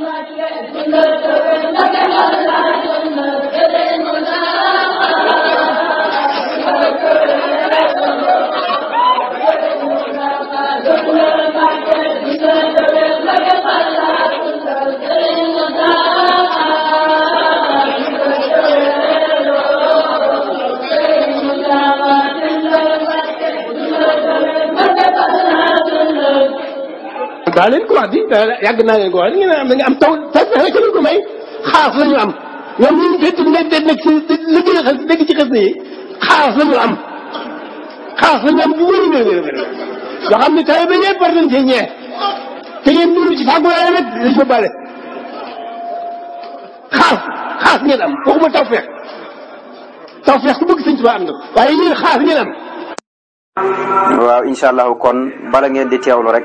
Look at all the lights. daa leen ko wax di daa naa leen ko wax di ngeen am da nga am taw tas rek ko may xaas la am ñoom ñun béykat nekk ci xas yi xaas la ñu am xaas la am bu wér a wér a wér yoo xam ne tawee ba ñëpp war nañ cee te ngeen dund ci fàggu yaay rek dañ ko bale xaas ngeen am waaw incha allah kon bala ngeen di teewlu rek.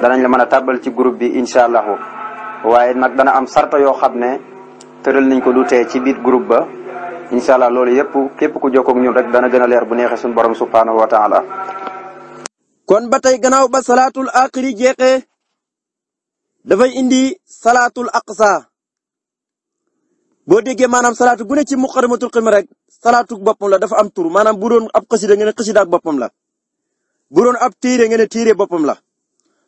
danañ la mën a tàbbal ci groupe bi incha allahu waaye nag dana am sarta yoo xam ne tëral nañ ko lu tee ci biir groupe ba incha allah loolu yëpp képp ku jokkoog ñun rek dana gën leer bu neexee suñu borom subhaanahu wa taala kon ba tey gannaaw ba salaatul aaxiri jeexee dafay indi salaatul aqsa boo déggee maanaam salaatu bu ne ci muqaddamatul xidma rek salaatu boppam la dafa am tur maanaam bu doon ab xasida nga ne xasida ak boppam la bu doon ab téere nga ne téere boppam la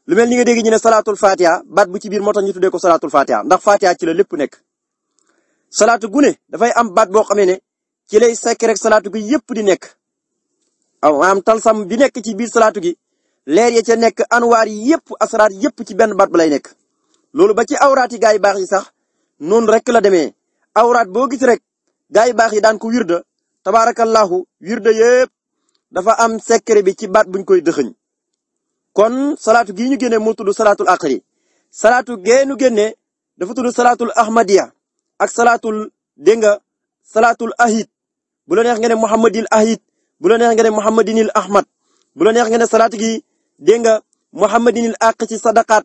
lu mel ni nga dégg ñu ne salaatul fatiha baat bu ci biir moo tax ñu tuddee ko salaatul fatiha ndax fatiha ci la lépp nekk. salaatu gu ne dafay am baat boo xamee ne ci lay sekk rek salaatu gi yépp di nekk am tal sam bi nekk ci biir salaatu gi leer ya ci nekk anwaar yi yépp asraar yépp ci benn baat bu lay nekk. loolu ba ci awraat yi gaa yu baax yi sax noonu rek la demee awraat boo gis rek gaa yu baax yi daan ko wirda tabaarakallahu wirda yépp dafa am secret bi ci baat buñ koy dëxëñ. kon salaatu gii ñu génnee moo tudd salaatul aqri salaatu gee nu génnee dafa tudd salaatul ahmadiya ak salaatul dégg nga salaatul ahid bu neex nga ne muhammadil ahid bu la neex nga ne muhammadinil ahmad bu la neex nga ne salaatu gi dégg nga muhammadinil aq ci sadaqaat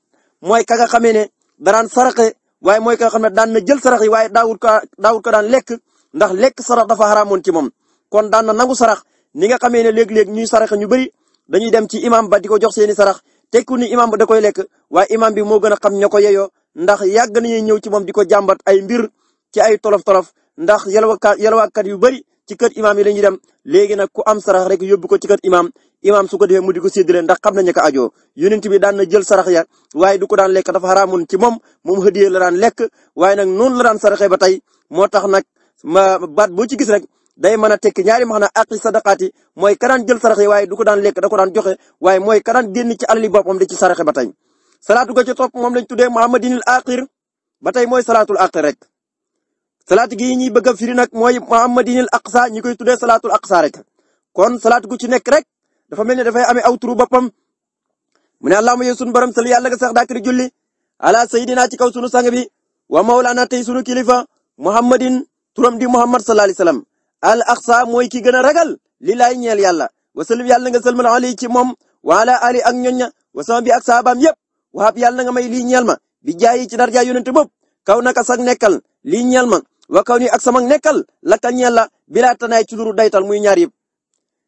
mooy ka nga xamee ne daraan saraxe waaye mooy ka nga xam ne daan na jël sarax yi waaye daawut ko daawut ko daan lekk ndax lekk sarax dafa xaraamoon ci moom kon daan na nangu sarax ni nga xamee ne léeg-léeg ñuy saraxe ñu bëri dañuy dem ci imam ba di ko jox seeni sarax tekku ni imam ba da koy lekk waaye imam bi moo gën a xam ña ko yeyoo ndax yàgg nañuy ñëw ci moom di ko jàmbat ay mbir ci ay tolof-tolof ndax yalwakat yalwakat yu bari ci kër imam yi la ñuy dem léegi nag ku am sarax rek yóbbu ko ci kër imam imam su ko defee mu di ko séddale ndax xam nañu ko ajoo yonent bi daan na jël sarax ya way du ko daan lekk dafa xaraamun ci moom moom hëdiyee la daan lekk waaye nag noonu la daan saraxee ba tey moo tax nag ma baat boo ci gis rek day mën a tekki ñaari maanaam aqi sadaqaat yi mooy ka daan jël sarax waaye du ko daan lekk da ko daan joxe waaye mooy ka daan génn ci alali boppam di ci saraxe ba tey. salaatu ga ci topp moom lañ tuddee muhammadinil aqir ba tey mooy salaatul aqir rek salaatu gi ñuy bëgg a firi nag mooy muhammadinil aqsa ñi koy tuddee salaatul aqsa rek kon salaatu gu ci nekk rek dafa mel dafay amee aw turu boppam mu ne allahumma yow sunu baram sali yàlla nga sax daakiri julli ala sayidina ci kaw sunu sang bi wa mawlana tey sunu kilifa muhammadin turam di muhammad sallallahu alayhi wasallam al aqsa mooy ki gën a ragal li laay ñeel yàlla wasallim yàlla nga salmal ali ci moom waala ali ak ñoña wasama bi ak saabaam yëpp waab yàlla nga may lii ñeel ma bi jaayi ci darja yonente bopp kaw naka sax nekkal lii ñeel ma wa kaw ni ak sama nekkal laka ñeel la bilaa tanaay ci luru daytal muy ñaar yëpp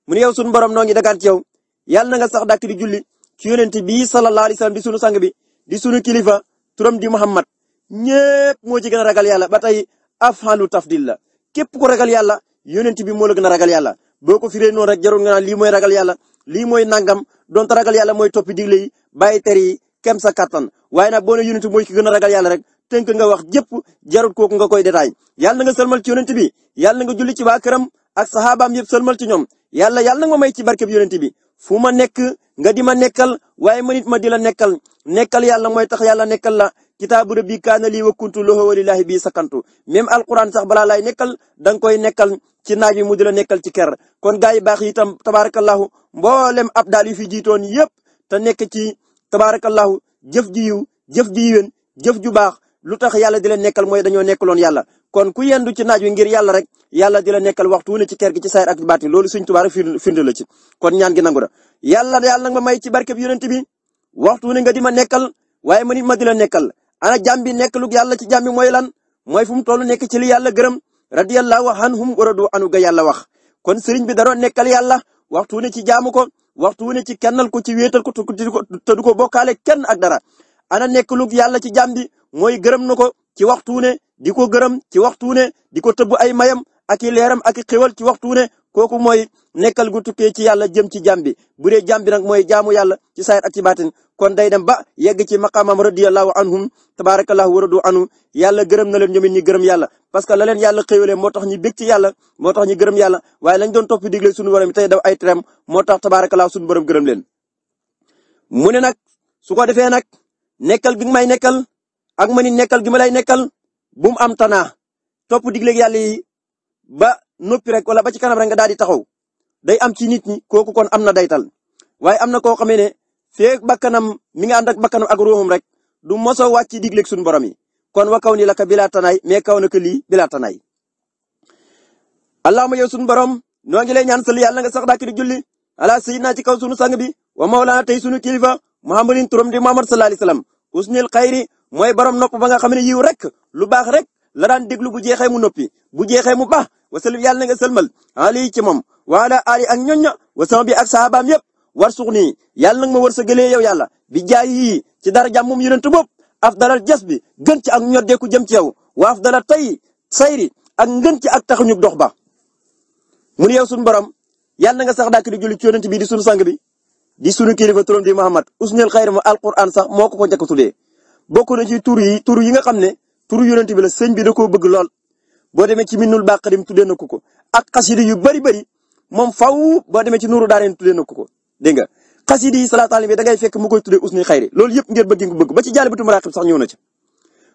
mu ne yow sunu borom noo ngi dagaan ci yow yàlla na nga sax dàkk di julli ci yonente bi sallallahu alayhi wasallam di sunu sang bi di sunu kilifa turam di Muhammad ñépp moo ci gën a ragal yàlla ba tey afhalu tafdil la képp ku ragal yàlla yonent bi moo gën a ragal yàlla boo ko firee noonu rek jarul nga naan lii mooy ragal yàlla lii mooy nangam donte ragal yàlla mooy toppi digle yi bàyyi ter yi kem sa kàttan waaye nag boo ne yonent bi mooy ki gën a ragal yàlla rek tënk nga wax jëpp jarut kooku nga koy détaay yàlla na nga sëlmal ci yonent bi yàlla na nga julli ci waa këram ak saxaabaam yëpp sëlmal ci ñoom yàlla yàlla na ma may ci barkeb yonent bi fu ma nekk nga di ma nekkal waaye man it ma di la nekkal nekkal yàlla mooy tax yàlla nekkal la kitaabu rabbi kaana li wa kuntu lahu wa lillahi bii sakantu même alquran sax balaa lay nekkal da koy nekkal ci naaj wi mu di la nekkal ci ker kon gaa yi baax yi itam tabaarakallahu mboolem ab daal yu fi jiitoon yëpp te nekk ci tabaarakallahu jëf ji yiw jëf ji yiwen jëf ju baax lu tax yàlla di la nekkal mooy dañoo nekkaloon yàlla kon ku yendu ci naaj wi ngir yàlla rek yàlla di la nekkal waxtu wu ci ker gi ci sayr ak baati loolu suñ tubaar firnde la ci kon ñaan gi nangu na yàlla yàlla nag ma may ci barkeb yonent bi waxtu wu ne nga di ma nekkal waaye ma nit ma di la nekkal ana jàmm bi nekk lu yàlla ci jàmm bi mooy lan mooy fu mu toll nekk ci li yàlla gërëm radiyallahu anhum wa radu anu ga yàlla wax kon sëriñ bi daroon nekkal yàlla waxtu wu ne ci jaamu ko waxtu wu ne ci kennal ko ci wéetal ko te du ko bokkaale kenn ak dara ana nekk lu yàlla ci jàmm bi mooy gërëm na ko ci waxtu wu ne di ko gërëm ci waxtu wu ne di ko tëbb ay mayam ak i leeram ak xéwal ci waxtu wu ne kooku mooy nekkal gu tukkee ci yàlla jëm ci jàmm bi bu dee jàmm bi nag mooy jaamu yàlla ci saayir ak ci baatin kon day dem ba yeg ci maqaamam radiyallahu anhum tabaarakallahu waradu anhu yàlla gërëm na leen ñoom it ñi gërëm yàlla parce que la leen yàlla xéwalee moo tax ñu bég ci yàlla moo tax ñu gërëm yàlla waaye lañ doon topp digle suñu borom tey daw ay trem moo tax tabaarakallahu suñu borom gërëm leen mu ne nag su ko defee nag nekkal gi may nekkal ak ma ni nekkal gi ma lay nekkal bu mu am tanaa top digleeg yàlla yi ba noppi rek wala ba ci kanam rek nga daal di taxaw day am ci nit ñi kooku kon am na daytal waaye feek bakkanam mi nga ànd ak bakkanam ak ruuxum rek du mosoo wàcc digleeg suñu borom yi kon wa kaw ni la ka bilaa tanaay mais kaw na ko lii bilaa tanaay. allahumma yow suñu borom noo ngi lay ñaan sal yàlla nga sax dàkk di julli ala sayyidina ci kaw sunu sang bi wa mawlaana tey sunu kilifa muhammadin turam di muhammad sallallahu alayhi wasallam usnil xayri mooy borom nopp ba nga xam ne yiw rek lu baax rek la daan déglu bu jeexee mu noppi bu jeexee mu baax wasallim yàlla na nga sëlmal ali ci moom waala ali ak ñoñña wasan bi ak saabaam yëpp war suux nii yàlla nag ma war sa gëlee yow yàlla bi jaay yii ci dara jàmm moom yonent bopp af dalal jas bi gën ci ak ñoddeeku jëm ci yow waaf dalal tey sayri ak ngën ci ak taxuñu dox ba mu ne yow suñu borom yàlla na nga sax dàkk di julli ci yonent bi di sunu sang bi di sunu kilifa turam di Muhammad usnul xayri ma alquran sax moo ko ko njëkk a tuddee na ci tur yi tur yi nga xam ne turu yonent bi la sëñ bi da koo bëgg lool boo demee ci minnul bàqadim tuddee na ko ko ak xasida yu bari bari moom faw boo demee ci nuuru daareen tuddee na ko ko dégg nga xasida yi salaatu alayhi bi da ngay fekk mu koy tuddee usnul xayri loolu yëpp ngir bëgg nga bëgg ba ci jaalibatul maraqib sax ñëw na ci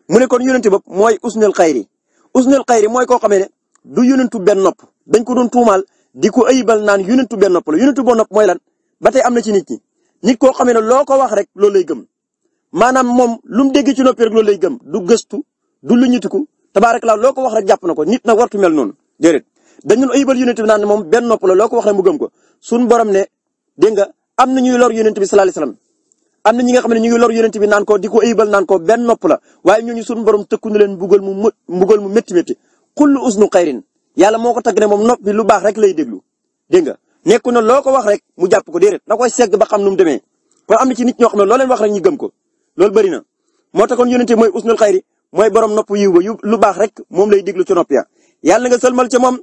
mu ne kon yonente bopp mooy usnul xayri usnul xayri mooy koo xamee ne du yonentu benn nopp dañ ko doon tuumaal di ko ayibal naan yonentu benn nopp la yonentu boo nopp mooy lan ba tey am na ci nit ñi nit koo xamee ne loo ko wax rek loolu lay gëm maanaam moom lu mu dégg ci noppi rek loolu lay gëm du gëstu du lu ñitiku tabaarakallaa loo ko wax rek jàpp na ko nit nag wartu mel noonu déedéet dañu ayibal yonent bi naan moom benn nopp la loo ko wax rek mu gëm ko suñu borom ne dégg nga am na ñuy lor yonent bi sallallahu alayhi am na ñi nga xam ne ñu ngi lor bi naan ko di ko ayibal naan ko benn nopp la waaye ñooñu suñu borom tëkku na leen mbugal mu mu mbugal mu métti métti kullu usnu xayrin yàlla moo ko tagg ne moom nopp lu baax rek lay déglu dégg nga nekku na loo ko wax rek mu jàpp ko déedéet da koy segg ba xam nu mu demee kon am na ci nit ñoo xam ne loo leen wax rek ñu gëm ko loolu bëri na moo taxoon yonent bi mooy usnul xayri mooy borom nopp lu baax rek moom lay déglu ci nopp ya yàlla nga sëlmal ci moom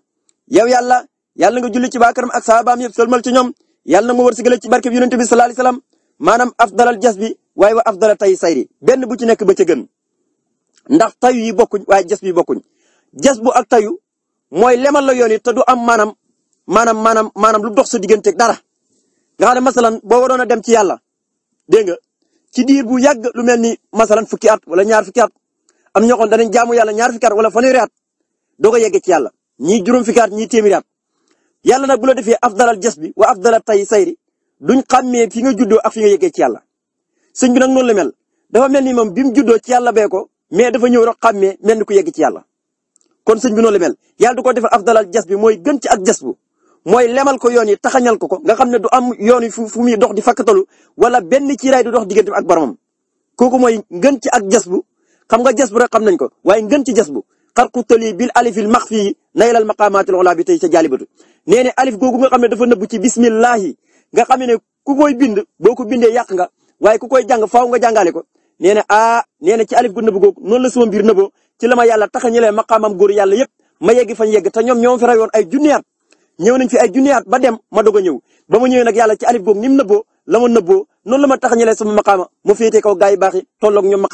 yow yàlla yàlla nga julli ci baakaram ak saabaam yëpp sëlmal ci ñoom yàlla na mu war sigale ci barke bi yonent bi sallallahu alayhi wasallam maanaam afdalal jas bi waaye wa afdalal tay sayri benn bu ci nekk ba ca gën ndax tayu yi bokkuñ waaye jas bi bokkuñ jas bu ak tayu mooy lemal la yoon yi te du am maanaam maanaam maanaam maanaam lu dox sa digganteeg dara nga xam ne masalan boo waroon a dem ci yàlla dégg nga ci diir bu yàgg lu mel ni masalan fukki at wala ñaar fukki at am ñoo xam danañ jaamu yàlla ñaar fukki at wala fanweeri at doo ko yeggee ci yàlla ñii juróom fukki at ñii yàlla nag bu la defee afdalal jas bi wa afdalal tay sayri duñ xàmmee fi nga juddoo ak fi nga yeggee ci yàlla sëñ bi nag noonu la dafa mel ni moom bi mu juddoo ci yàlla bee ko mais dafa ñëw rek xàmmee mel ni ku yegg ci yàlla. kon sëñ bi noonu la mel yàlla du ko defal afdalal jas bi mooy gën ci ak jas bu mooy lemal ko yoon yi taxañal ko ko nga xam ne du am yoon yi fu fu muy dox di fakkatalu wala benn ci ray du dox diggante ak boromam kooku mooy ngën ci ak jas bu xam nga jas bu rek xam nañ ko waaye ngën ci jas bu xarqu tëli bil alifil maxfi naylal maqaamaatil ulaa bi tey ca jaalibatu nee ne alif googu nga xam ne dafa nëbb ci bismillahi nga xam ne ku koy bind boo ko bindee yàq nga waaye ku koy jàng faaw nga jàngale ko nee na ah nee na ci alif gu nëbb googu noonu la sama mbir nëbboo ci la ma yàlla tax a ñëlee maqaamam góor yàlla yëpp ma yegg fañ yegg te ñoom ñoo fi rayoon ay junniyaat ñëw nañ fi ay junniyaat ba dem ma doog a ñëw ba ma ñëwee nag yàlla ci alif googu ni mu nëbboo la ma nëbboo noonu ma tax ñëlee sama maqaama mu féetee yi baax yi tolloog ñoom na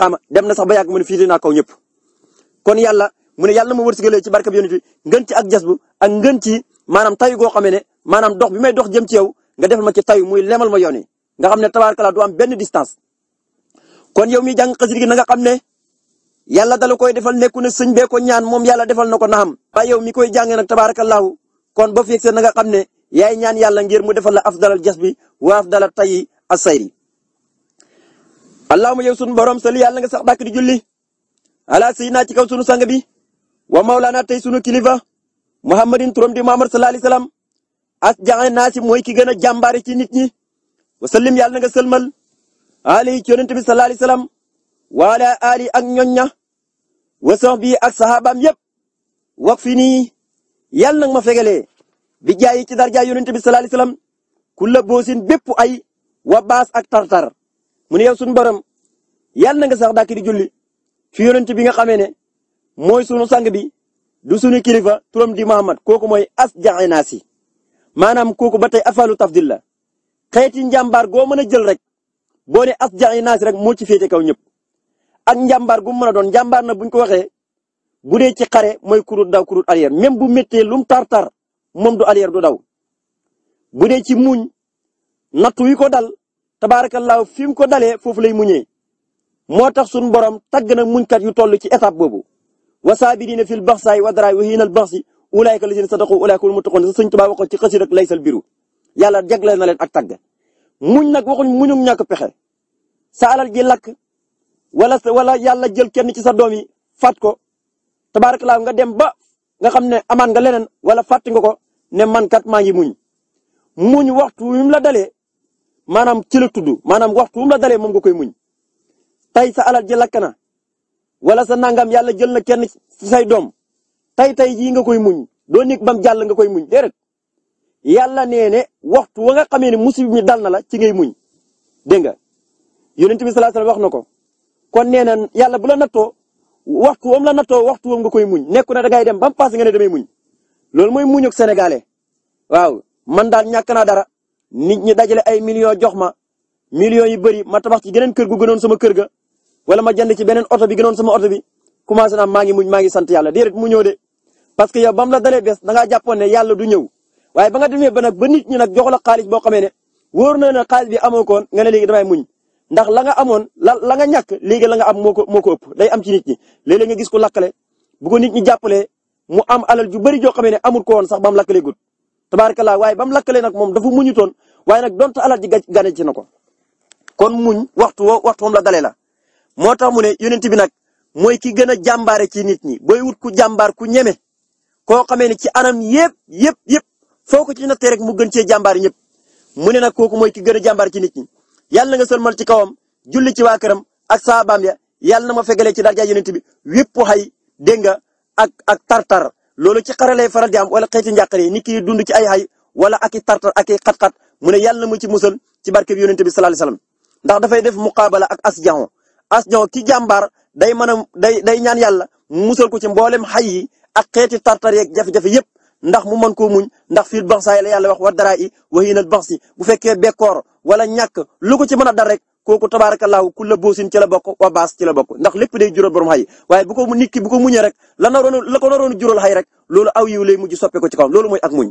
sax ba yàgg ma ne féetee mu ne yàlla ma wërsëgalee ci barke bi yonent bi ngën ci ak jasbu ak ngën ci maanaam tayu goo xamee ne maanaam dox bi may dox jëm ci yow nga defal ma ci tayu muy lemal ma yoon yi nga xam ne tabaarkalla du am benn distance. kon yow mi jàng xasida gi nanga xam ne yàlla dala koy defal nekku ne sëñ bee ko ñaan moom yàlla defal na ko naam. ba yow mi koy jàng nag tabaarakallaahu kon ba fi na nanga xam ne yaay ñaan yàlla ngir mu defal la afdalal jasbi wa afdalal tayi asayri. allahumma yow sunu borom sali yàlla nga sax dàkk di julli ala sayyidina ci kaw sunu sang bi wa Maulana tey sunu kilifa Muhammadin turam di Muhammad sallallahu alayhi wasallam as jaxee naa si mooy ki gën a jàmbaare ci nit ñi wa sallim yàlla na nga sëlmal ali ci yonent bi sallallahu salaam wa waala ali ak ñoñña wa sax bi ak saxaabaam yëpp wax fi nii yàlla nag ma fegalee bi jaay ci darja yonent bi sallallahu alayhi wasallam kulla boosin bépp ay wa baas ak tartar mu ne yow sunu borom yàlla na nga sax dàkk di julli fi yonent bi nga xamee ne. mooy sunu sang bi du sunu kilifa turam di Muhammad kooku mooy as jaxinaasi maanaam kooku ba tey afalu tafdil la xeeti njàmbaar goo mën a jël rek boo ne as jaxinaasi rek moo ci féete kaw ñëpp ak njàmbaar gu mu mën a doon njàmbaar na buñ ko waxee bu dee ci xare mooy kurut daw kurut arrière même bu méttee lum tar-tar moom du arrière du daw bu dee ci muñ nattu wi ko dal tabaarakallaahu fi mu ko dalee foofu lay muñee moo tax sunu borom tagg na muñkat yu toll ci étape boobu. wa saabiriina fil baxsaay wa daraay wa hiinal baxsi ulaayka lazina sadaqu ulaayka hum muttaquun sa sëñ Tuubaa waxoon ci xasida ak laysal biru yàlla jagleel na leen ak tàgg muñ nag waxuñ muñu ñàkk pexe sa alal ji lakk wala wala yàlla jël kenn ci sa doom yi faat ko tabaarakallaa nga dem ba nga xam ne amaan nga leneen wala fàtti nga ko ne man kat maa ngi muñ muñ waxtu wi mu la dalee maanaam ci la tudd maanaam waxtu wi mu la dalee moom nga koy muñ tey sa alal ji lakk na wala sa nangam yàlla jël na kenn ci say doom tey tey jii nga koy muñ doo nekk bam jàll nga koy muñ déedéet yàlla nee ne waxtu wa nga xamee ne musib mi dal na la ci ngay muñ dégg nga yonent bi sallallahu wax na ko kon nee na yàlla bu la nattoo waxtu wam la nattoo waxtu wam nga koy muñ nekku na dangay dem ba mu paase nga ne damay muñ loolu mooy muñuk sénégalais waaw man daal ñàkk naa dara nit ñi dajale ay millions jox ma millions yu bëri mata wax ci geneen kër gu gënoon sama kër ga wala ma jënd ci beneen oto bi gënoon sama oto bi commencé naa maa ngi muñ maa ngi sant yàlla déedéet mu ñëw de parce que yow ba mu la dalee bés da yàlla du ñëw waaye ba nga demee ba ba nit ñi nag jox la xaalis boo xamee ne wóor na ne xaalis bi amoo koon nga ne léegi damay muñ ndax la nga amoon la la nga ñàkk léegi la nga am moo ko moo ko ëpp day am ci nit ñi léeg-léeg gis ko lakkale bu ko nit ñi jàppalee mu am alal ju bëri joo xamee ne amul ko woon sax ba mu lakkalee gud tabaarkalla waaye ba mu lakkalee nag moom dafa muñutoon waaye nag donte alal ji gane ci na ko kon muñ waxtu woo waxtu moom la dalee la moo tax mu ne yonent bi nag mooy ki gën a jàmbaare ci nit ñi booy wut ku jàmbaar ku ñeme koo xamee ne ci anam yëpp yëpp yëpp foo ci nattee rek mu gën cee jàmbaar ñëpp mu ne nag kooku mooy ki gën a jàmbaar ci nit ñi yàlla na nga sëlmal ci kawam julli ci waa këram ak saabaam ya yàlla na ma fegalee ci darja yonent bi wépp xay dégg nga ak ak tartar loolu ci xaralay faral di am wala xeeti njàqare yi nit ki dund ci ay xay wala ak i tartar ak i xat-xat mu ne yàlla na mu ci musal ci barke bi bi sallallahu alayhi wasallam ndax dafay def muqaabala ak asjaxon as ñoo ki jàmbaar day mën day day ñaan yàlla musal ko ci mboolem xay yi ak xeeti tartar yeeg jafe-jafe yëpp ndax mu mën koo muñ ndax fii bansaay la yàlla wax wa daraa i wahinal bansi bu fekkee bekkoor wala ñàkk lu ko ci mën a dal rek kooku tabaarakallaahu ku la boosin ci la bokk wa bas ci la bokk ndax lépp day jural borom xay waaye bu ko mu ki bu ko muñee rek la naroon la ko naroon jural xay rek loolu aw yiw lay mujj soppe ko ci kawam loolu mooy ak muñ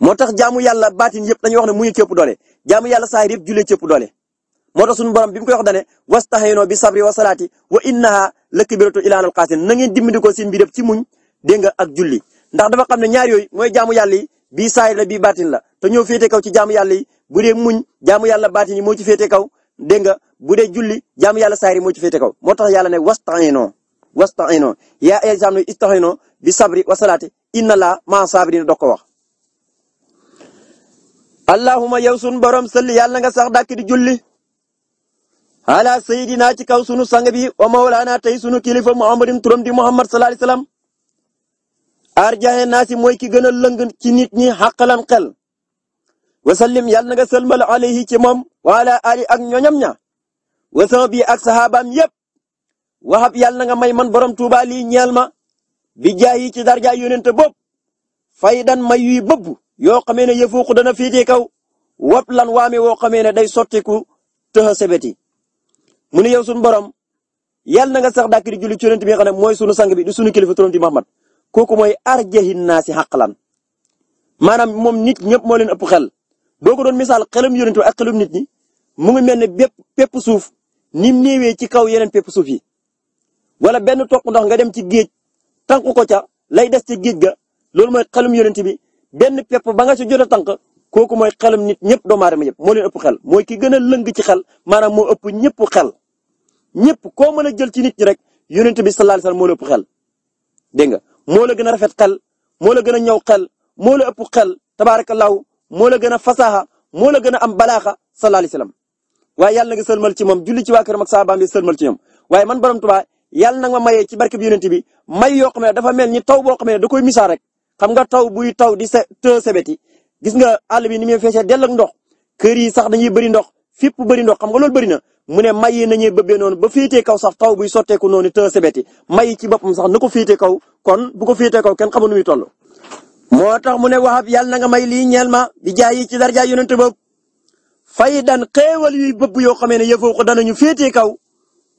moo tax jamu yàlla baatin yëpp dañuy wax ne muñu cëpp doole jaamu yàlla saahir yëpp julee cëpp doole moo tax borom bi mu koy wax dane wastaxeenoo bi sabri wa salaati wa innaha lakabiratu illa alal xaasin na ngeen dimbali ko seen mbir yëpp ci muñ dégg ak julli ndax dafa xam ne ñaar yooyu mooy jaamu yàlla yi bii saayir la bii baatin la te ñoo féete kaw ci jaamu yàlla yi bu dee muñ jaamu yàlla baatin yi moo ci féete kaw dégg nga bu dee julli jaamu yàlla saayir yi moo ci féete kaw moo tax yàlla ne wastaxeenoo wastaxeenoo yaa ay jaam ne istaxeenoo bi sabri wa salaati inna la maa saabirina dog ko wax allahuma yow sun borom sëlli yàlla nga sax ala sayidina ci kaw sunu sang bi wa mawlaana tey sunu kilifa muhammadin turam di muhammad sallallahu alayhi wasallam arjaxe naasi mooy ki gën a lëng ci nit ñi xaqalan xel wasallim yàlla na nga sëlmal alayhi ci moom wala ali ak ñoñam ña wasan bi ak saxaabaam yépp waxab yàlla na nga may man borom tuuba lii ñeel ma bi jaayi ci darja yonent bopp faydan may yuy bëbb yoo xamee ne yëfuuqu dana fiiti kaw wap lan waame woo xamee ne day sottiku tëxa sebeti mu ni yow suñu borom yàlla na nga sax dàkk julli ci yonent bi nga xam ne mooy sunu sang bi di sunu kilifa turam di Muhammad kooku mooy arjahi si xaqlan maanaam moom nit ñëpp moo leen ëpp xel boo ko doon misaal xelum yonent bi ak xelum nit ñi mu ngi mel ne bépp pépp suuf ni mu néewee ci kaw yeneen pépp suuf yi wala benn toq ndox nga dem ci géej tànk ko ca lay des ci géej ga loolu mooy xelum yonent bi benn pépp ba nga ci jot a kooku mooy xelum nit ñëpp doomu aadama yëpp moo leen xel mooy ki gën a lëng ci xel maanaam moo ëpp ñëpp xel. ñëpp koo mën a jël ci nit ñi rek yonent bi sallallahu alayhi wasallam moo la ëpp xel. dégg nga moo la gën a rafet xel moo la gën a ñëw xel moo la ëpp xel tabaarakallaahu moo la gën a fasaaxa moo la gën a am balaaxa sallallahu alayhi wasallam waaye yàlla na nga sëlmal ci moom julli ci waa këram ak saabaam yi sëlmal ci ñoom waaye man borom Tuubaa yàlla nag ma mayee ci barke bi yonent bi may yoo xam ne dafa mel ni taw boo xam da koy misaal rek xam nga taw buy taw di se te sebeti gis nga àll bi ni muy feesee dell ak ndox kër yi sax dañuy bëri ndox fépp bëri ndox xam nga loolu bëri na mu ne may yi nañuy bëbbee ba féetee kaw sax taw bu sotteeku noonu te sebeti may ci boppam sax na ko féetee kaw kon bu ko féetee kaw kenn xamu nu muy toll. moo tax mu ne Wahab yàlla na may lii ñeel ma di jaay ci darja yonent boobu fay daan xéewal yuy bëbb yoo xamee ne yëfoo ko danañu féetee kaw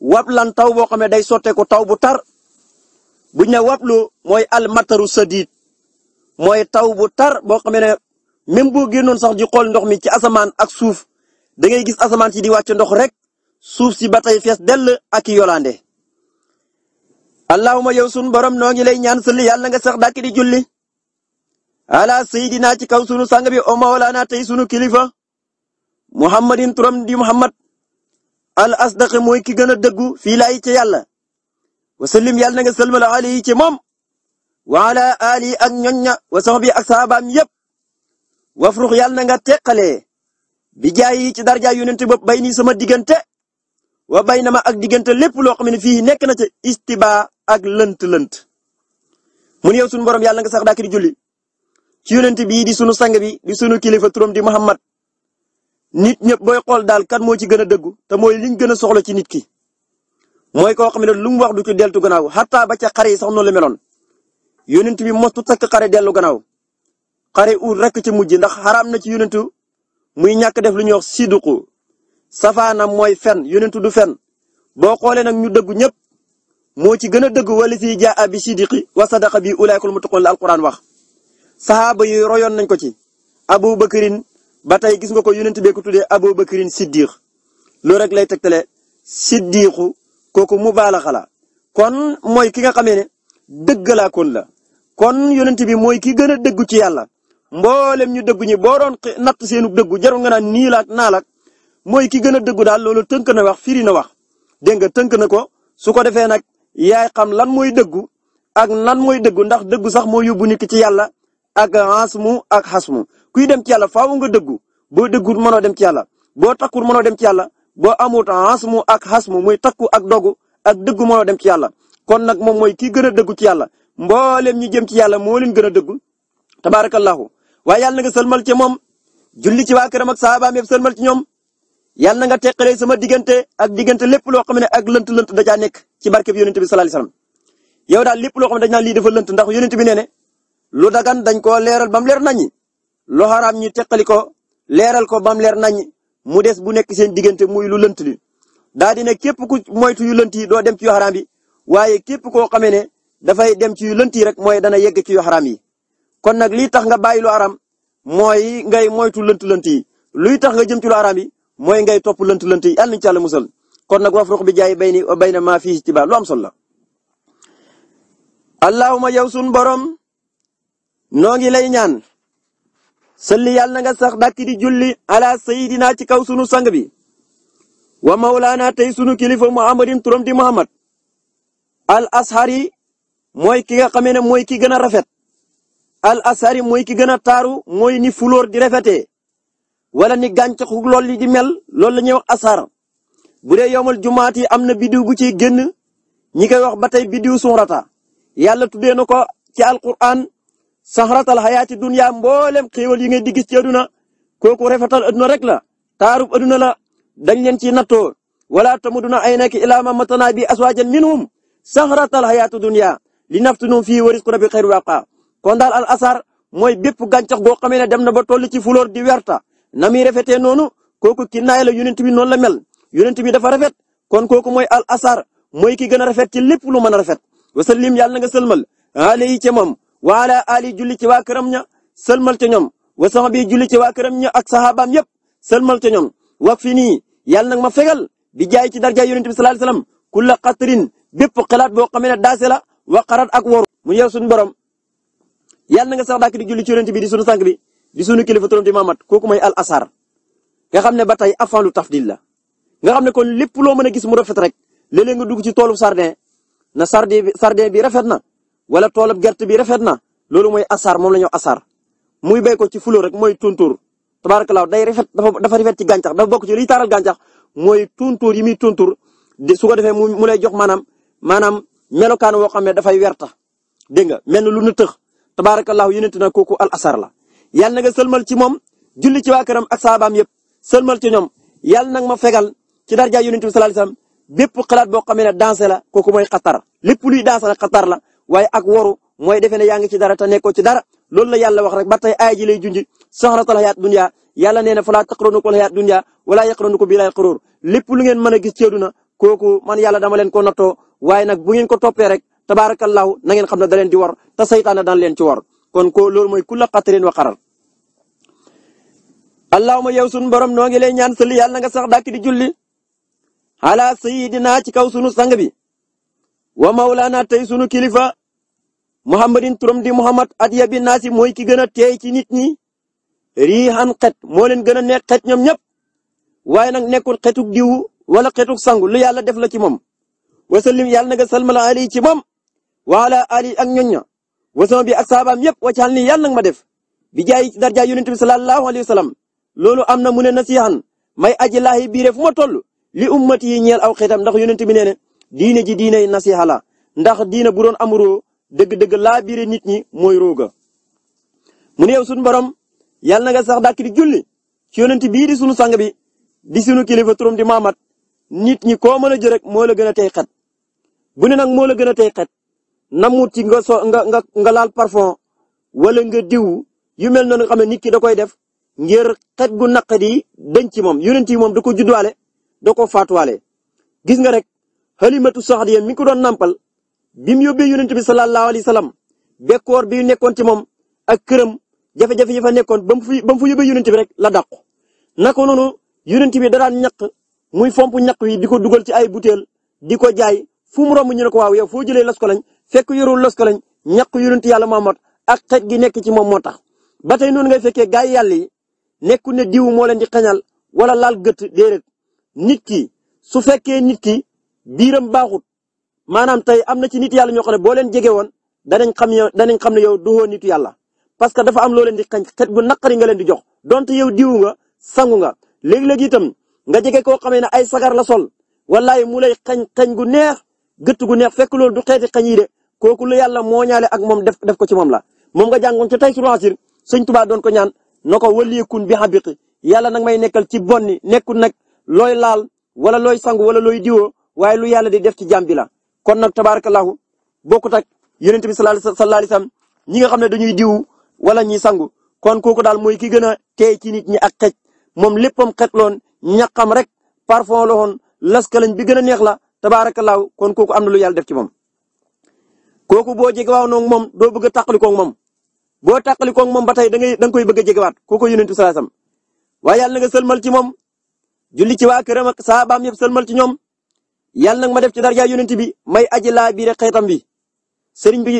wab lan taw boo xamee day sotteeku taw bu tar buñ ne wablu mooy almataru sadid mooy taw bu tar boo xamee ne même boo génnoon sax di xool ndox mi ci asamaan ak suuf. da ngay gis asamaan si di wàcc ndox rek suuf si ba fees dell ak i yolaande. allahuma yow sunu borom noo ngi lay ñaan sëlli yàlla nga sax dàkk di julli. ala sayidina ci kaw sunu sang bi o mawlaana tey sunu kilifa. muhammadin turam di muhammad. al asdaq mooy ki gën a dëggu fii laay ci yàlla. wasallim yàlla na nga sëlmal alayhi ci moom. wa ala ali ak ñoñña wa saxbi ak saabaam yépp. wafrux yàlla na nga teqalee. bi jaay ci darja yonent bopp bay nii sama diggante wa bay na ma ak diggante lépp loo xam ne fii nekk na ci istiba ak lënt-lënt. mu ne yow sunu borom yàlla nga sax dàkk di julli ci yonent bii di sunu sang bi di sunu kilifa turam di Muhammad nit ñëpp booy xool daal kan moo ci gën a dëggu te mooy liñ gën a soxla ci nit ki. mooy koo xam ne lu mu wax du ci deltu gannaaw xataa ba ca xare yi sax noonu la meloon yonent bi mostu takk xare dellu gannaaw xare ut rek ci mujj ndax xaraam na ci muy ñàkk def lu ñuy wax sidduqu safaanam mooy fen yonentu du fen boo xoolee nag ñu dëggu ñëpp moo ci gën a dëgg wala si jaa bi siddiqi wa sadaqa bi ulaykul muttaqun la alquran wax saxaaba yi royoon nañ ko ci abu bakrin ba tey gis nga ko yonent bee ko tuddee abu bakrin siddiq loolu rek lay tegtale siddiqu kooku mu baalaxa la kon mooy ki nga xamee ne dëggalaakoon la kon yonent bi mooy ki gën a dëggu ci yàlla mboolem ñu dëgg ñi boo doon natt seenu dëggu jarul nga naan nii laak naa laak mooy ki gën a dëggu daal loolu tënk na wax firi na wax dégg nga tënk na ko su ko defee nag yaay xam lan mooy dëggu ak lan mooy dëggu ndax dëggu sax moo yóbbu nit ki ci yàlla ak mu ak xas mu kuy dem ci yàlla faaw nga dëggu boo dëggul mënoo dem ci yàlla boo takkul mënoo dem ci yàlla boo amut mu ak xas xasmu muy takku ak dogu ak dëggu mënoo dem ci yàlla kon nag moom mooy kii gën a dëggu ci yàlla mbooleem ñi jëm ci yàlla moo leen gën a dëggu tabaarakallaahu waaye yàlla na nga sëlmal ci moom julli ci waa këram ak saabaam yëpp sëlmal ci ñoom yàlla na teqalee sama diggante ak diggante lépp loo xam ne ak lënt-lënt da nekk ci barke bi yonent bi sallallahu alayhi yow daal lépp loo xam ne dañ naan lii dafa lënt ndax yonent bi nee ne lu dagan dañ koo leeral ba mu leer nañ loo xaraam ñi teqali ko leeral ko ba mu leer naññi mu des bu nekk seen diggante muy lu lënt li daa di ne képp ku moytu yu lënt yi doo dem ci yu bi yi waaye koo xamee ne dafay dem ci yu yi rek mooy dana yegg ci yu yi kon nag lii tax nga bàyyi lu mooy ngay moytu lënt-lënt yi luy tax nga jëm ci lu aram yi mooy ngay topp lënt-lënt yi yàlla nañ ci musal kon nag wafruq bi jaay bayni wa bayna maa fii ittibaa lu am solo la. allahuma yow sun borom noo ngi lay ñaan. salli yàlla na nga sax dàkk di julli ala sayidina ci kaw sunu sang bi. wa mawlaana tey sunu kilifa muhammadin turam di muhammad al ashari mooy ki nga xamee ne mooy ki gën a rafet. al asari mooy ki gën a taaru mooy ni fulóor di rafetee wala ni gàncaxu lool li di mel loolu la ñuy wax asar bu dee yomal jumaat yi am na biddiw gu ciy génn ñi koy wax ba tey biddiw sunrata yàlla tuddee na ko ci alquran saxratal xayaati dunya mboolem xéewal yi ngay di gis ci aduna kooku rafetal aduna rek la taarub aduna la dañ leen ci nattoo wala tamuduna aynaka ilaa ma matana bi aswaajan minhum saxratal xayaati dunya li naftunum fii wa risku rabbi xayru waqa kon daal al asar mooy bépp gàncax goo xamee ne dem na ba toll ci fulóor di werta na muy rafetee noonu kooku kinnaay la yonent bi noonu la mel yonent bi dafa rafet kon kooku mooy al asar mooy ki gën a rafet ci lépp lu mën a rafet wasallim yàlla na nga sëlmal alayhi ca moom wa ala ali julli ci waa këram ña sëlmal ca ñoom wasama bi julli ci waa këram ña ak saxaabaam yëpp sëlmal ca ñoom wax fi nii yàlla nag ma fegal bi jaay ci darja yonent bi sallallahu alayhi wasallam kulla xatrin bépp xalaat boo xamee ne daase la waqarat ak woru mu yow suñu borom yàlla na nga sax dàkk di julli ci yonent bi di sunu sànq bi di sunu kilifa turam di Mamat kooku mooy al asar nga xam ne ba tey afalu tafdil la nga xam ne kon lépp loo mën a gis mu rafet rek léeg nga dugg ci toolu sardin na sardin bi sardin bi rafet na wala toolab gerte bi rafet na loolu mooy asar moom la ñu asar muy béy ko ci fulo rek mooy tontóor tabaarakallaa day rafet dafa dafa rafet ci gàncax dafa bokk ci liy taaral gàncax mooy tontóor yi muy tontóor de su ko defee mu lay jox maanaam maanaam melokaan woo xam ne dafay werta dégg nga mel lu nu tëx tabaarakallahu yonent na kooku al asar la yàlla na nga sëlmal ci moom julli ci waa këram ak saabaam yëpp sëlmal ci ñoom yàlla nag ma fegal ci darja yonent bi sallallahu alayhi wasallam bépp xalaat boo xamee ne danse la kooku mooy xatar lépp luy danse la xatar la waaye ak woru mooy defe ne yaa ngi ci dara te nekkoo ci dara loolu la yàlla wax rek ba tey aaya ji lay junj soxratal xayaat dunya yàlla nee na falaa ko xayaat dunya wala yaqranu ko bilaay xuruur lépp lu dama leen ko nattoo bu ko toppee rek tabaarakallaahu na ngeen xam ne da leen di war te saytaane daan leen ci war kon ko loolu mooy ku la xatarin wa xarar allahuma yow sunu borom noo ngi lay ñaan sëli yàlla nga sax dàkk di julli ala sayidina ci kaw sunu sang bi wa mawlaana tey sunu kilifa muhammadin turam di muhammad at yabi naasi mooy ki gën a teey ci nit ñi riixan xet moo leen gën a neex xet ñoom ñëpp waaye nag nekkul xetuk diwu wala xetuk sangu lu yàlla def la ci moom wasallim yàlla na nga salmala ali ci moom waala ali ak ñoñña wasama bi ak saabaam yëpp waccaal ni yàlla nag ma def bi jaay ci darja yonent bi sallallahu alayhi wa sallam loolu am na mu ne nasihan may aji laahi biire fu ma toll li ummati yi ñeel aw xeetam ndax yonent bi nee ne diine ji diiney nasiha la ndax diina bu doon amuroo dëgg-dëgg laa biire nit ñi mooy rooga mu ne suñu borom yàlla na nga sax dàkk di julli ci yonent bii di sunu sang bi di sunu kilifa turam di maamat nit ñi ko mën a jë rek moo la gën a tey xet bu ne nag moo la gën a tey namut ci nga so nga nga nga laal parfum wala nga diw yu mel noonu nga xam ne nit ki da koy def ngir xet gu naqadi dañ ci moom yonent yi moom da ko judduwaale da ko faatuwaale gis nga rek Halimatu Saxdiya mi ko doon nampal bi mu yóbbee yonent bi sallallahu alayhi wa sallam bekkoor bi nekkoon ci moom ak këram jafe-jafe fa nekkoon ba mu fi ba mu fa bi rek la dàqu naka noonu yonent bi da daan ñaq muy fomp ñaq wi di ko dugal ci ay butéel di ko jaay fu mu ñu ne ko waaw yow foo jëlee las ko lañ fekk yorul los ko lañ ñàkk yonent yàlla Muhammad ak xej gi nekk ci moom moo tax ba tey noonu ngay fekkee gaay yàlla nekkul ne diw moo leen di xañal wala laal gët déedéet nit ki su fekkee nit ki biiram baaxut maanaam tey am na ci nit yàlla ñoo xam ne boo leen jege woon danañ xam yow danañ xam ne yow duhoo nitu yàlla parce que dafa am loo leen di xañ xet gu naqari nga leen di jox dont yow diwu nga sangu nga léegi-léegi itam nga jege koo xamee ne ay sagar la sol wallaay mu lay xañ xañ gu neex gëtt gu neex fekk loolu du xeeti kooku lu yàlla moo ñaale ak moom def def ko ci moom la moom nga jàngoon ci tey ci Asir sëñ tuba doon ko ñaan na ko waliyekun bi xabiqi yàlla nag may nekkal ci bonni nekkul nag looy laal wala looy sangu wala looy diwoo waaye lu yàlla di def ci jàmm la. kon nag tabaarakallaahu bokkut ak yonent bi sallallaahu alayhi wa sallam ñi nga xam ne dañuy diw wala ñuy sangu kon kooku daal mooy ki gën a teey ci nit ñi ak xej moom léppam xet loon ñaqam rek parfum la woon laskalañ bi gën a neex la tabaarakallaahu kon kooku am na lu yàlla def ci moom. kooku boo jegewaaw noog moom doo bëgg a tàqalikoog moom boo tàqalikoog moom ba tey da ngay da koy bëgg a jegewaat kooku yonentu salaasam waaye yàlla na nga sëlmal ci moom julli ci waa këram ak saabaam yëpp sëlmal ci ñoom yàlla nag ma def ci daraja yonent bi may aji laa biir xeetam bi sëriñ bi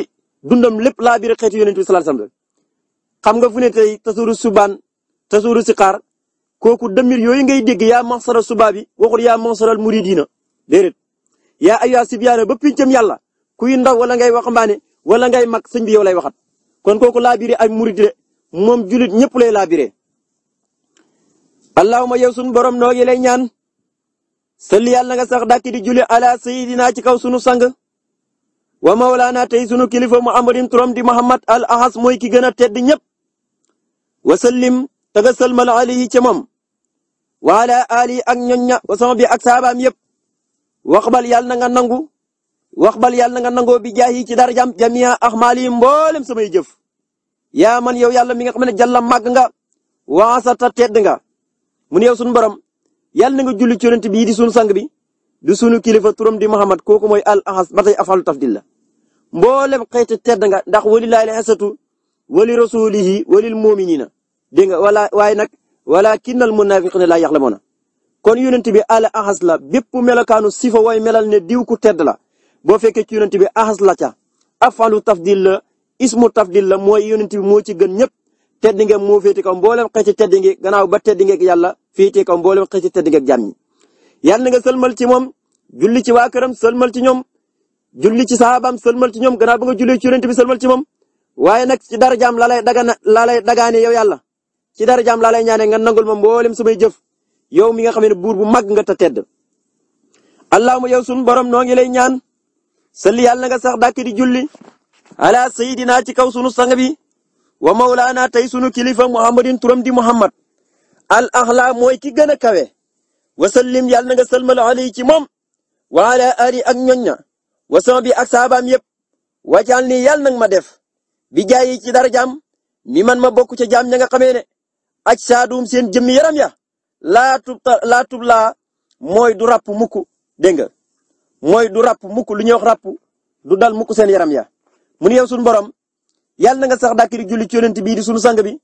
dundam lépp laa biir xeetu yonent bi salaasam la xam nga fu ne tey tasuru subaan tasuru sixaar kooku damir yooyu ngay dégg yaa mansara subaa bi waxul yaa mansaral muridina déedéet yaa ayaa sibyaana ba pincam yàlla kuy ndaw wala ngay waxambaane wala ngay mag sëñ bi yow waxat kon kooku laabiré ay murid de moom julit ñëpp lay laabiré. allahuma yow sunu borom noo ngi ñaan. salli yàlla nga sax dàkki di julli ala sayidina ci kaw sunu sang. wa mawlaana tey sunu kilifa muhammadin turam di muhammad al ahas mooy ki gën a tedd ñëpp. wa sallim te nga salmal alayhi ca moom. wa ala ali ak ñoñ ña wa sama bi ak saabaam yëpp. waxbal yàlla na nga nangu. wax bal yàlla na nga nangoo bi jaayi ci dara jam jamia axmaali mboolem samay jëf yaa man yow yàlla mi nga xam ne jàlla màgg nga waasata tedd nga mu ne yow sunu borom yàlla na nga julli ci yonent bii di sunu sang bi du sunu kilifa turam di Muhammad kooku mooy al ahas ba tey afalu tafdil la mboolem xeeti tedd nga ndax walilaahi la xesatu wali rasulihi walil muminina dégg nga wala waaye nag walakinnal munafiqina laa yaxlamoona kon yonent bi al ahas la bépp melokaanu sifa way melal diw ku tedd la boo fekkee ci yonent bi axas la ca afalu tafdil la ismu tafdil la mooy yonent bi moo ci gën ñëpp tedd ngeeg moo féete kaw mboolem xeeti tedd ngeeg gannaaw ba tedd ngeeg yàlla féete kaw mboolem xeeti tedd ngeeg jàmm ñi. yàlla na nga sëlmal ci moom julli ci waa këram sëlmal ci ñoom julli ci sahabaam sëlmal ci ñoom gannaaw ba nga jullee ci yonent bi sëlmal ci moom waaye nag ci darajaam la lay dagana la lay dagaane yow yàlla ci darajaam la lay ñaane nga nangul ma mboolem samay jëf yow mi nga xam ne buur bu mag nga ta tedd allahumma yow borom noo ñaan sël yàlla na nga sax dàkk di julli ala sayidina ci kaw sunu sang bi wa mawlaana tey sunu kilifa muhammadin turam di muhammad al axla mooy ki gën a kawe wa sallim yàlla na nga salmal alayhi ci moom wa ala ali ak ñoñña wa sama bi ak saabaam yëpp wajaal ni yàlla nag ma def bi jaayi ci dara jaam mi man ma bokk ca jaam ña nga xamee ne aj saadum seen jëmmi yaram ya laa tub laa mooy du ràpp mukk dégg nga mooy du ràpp mukk lu ñuy wax ràpp du dal mukk seen yaram ya mu ne yow borom yàlla na nga sax dàkkiri julli ci yonent bii di sunu sang bi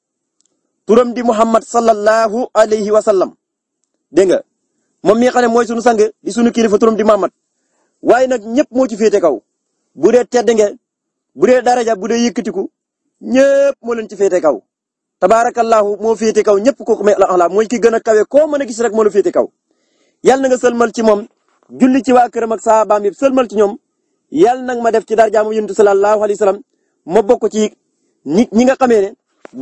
turam di Muhammad sallallahu alayhi wa sallam dégg nga moom mi nga xam ne mooy sunu sang di sunu kilifa turam di Muhammad waaye nag ñëpp moo ci féete kaw bu dee tedd nge bu dee daraja bu dee yëkkatiku ñëpp moo leen ci féete kaw tabaarakallahu moo féete kaw ñëpp kooku may ala mooy ki gën a kawe koo mën a gis rek moo la féete kaw yàlla na nga sëlmal ci moom. julli ci waa këram ak saabaam yëpp sëlmal ci ñoom yàlla nag ma def ci dara jaamu yonent sallallahu alayhi wa sallam ma bokk ci nit ñi nga xamee ne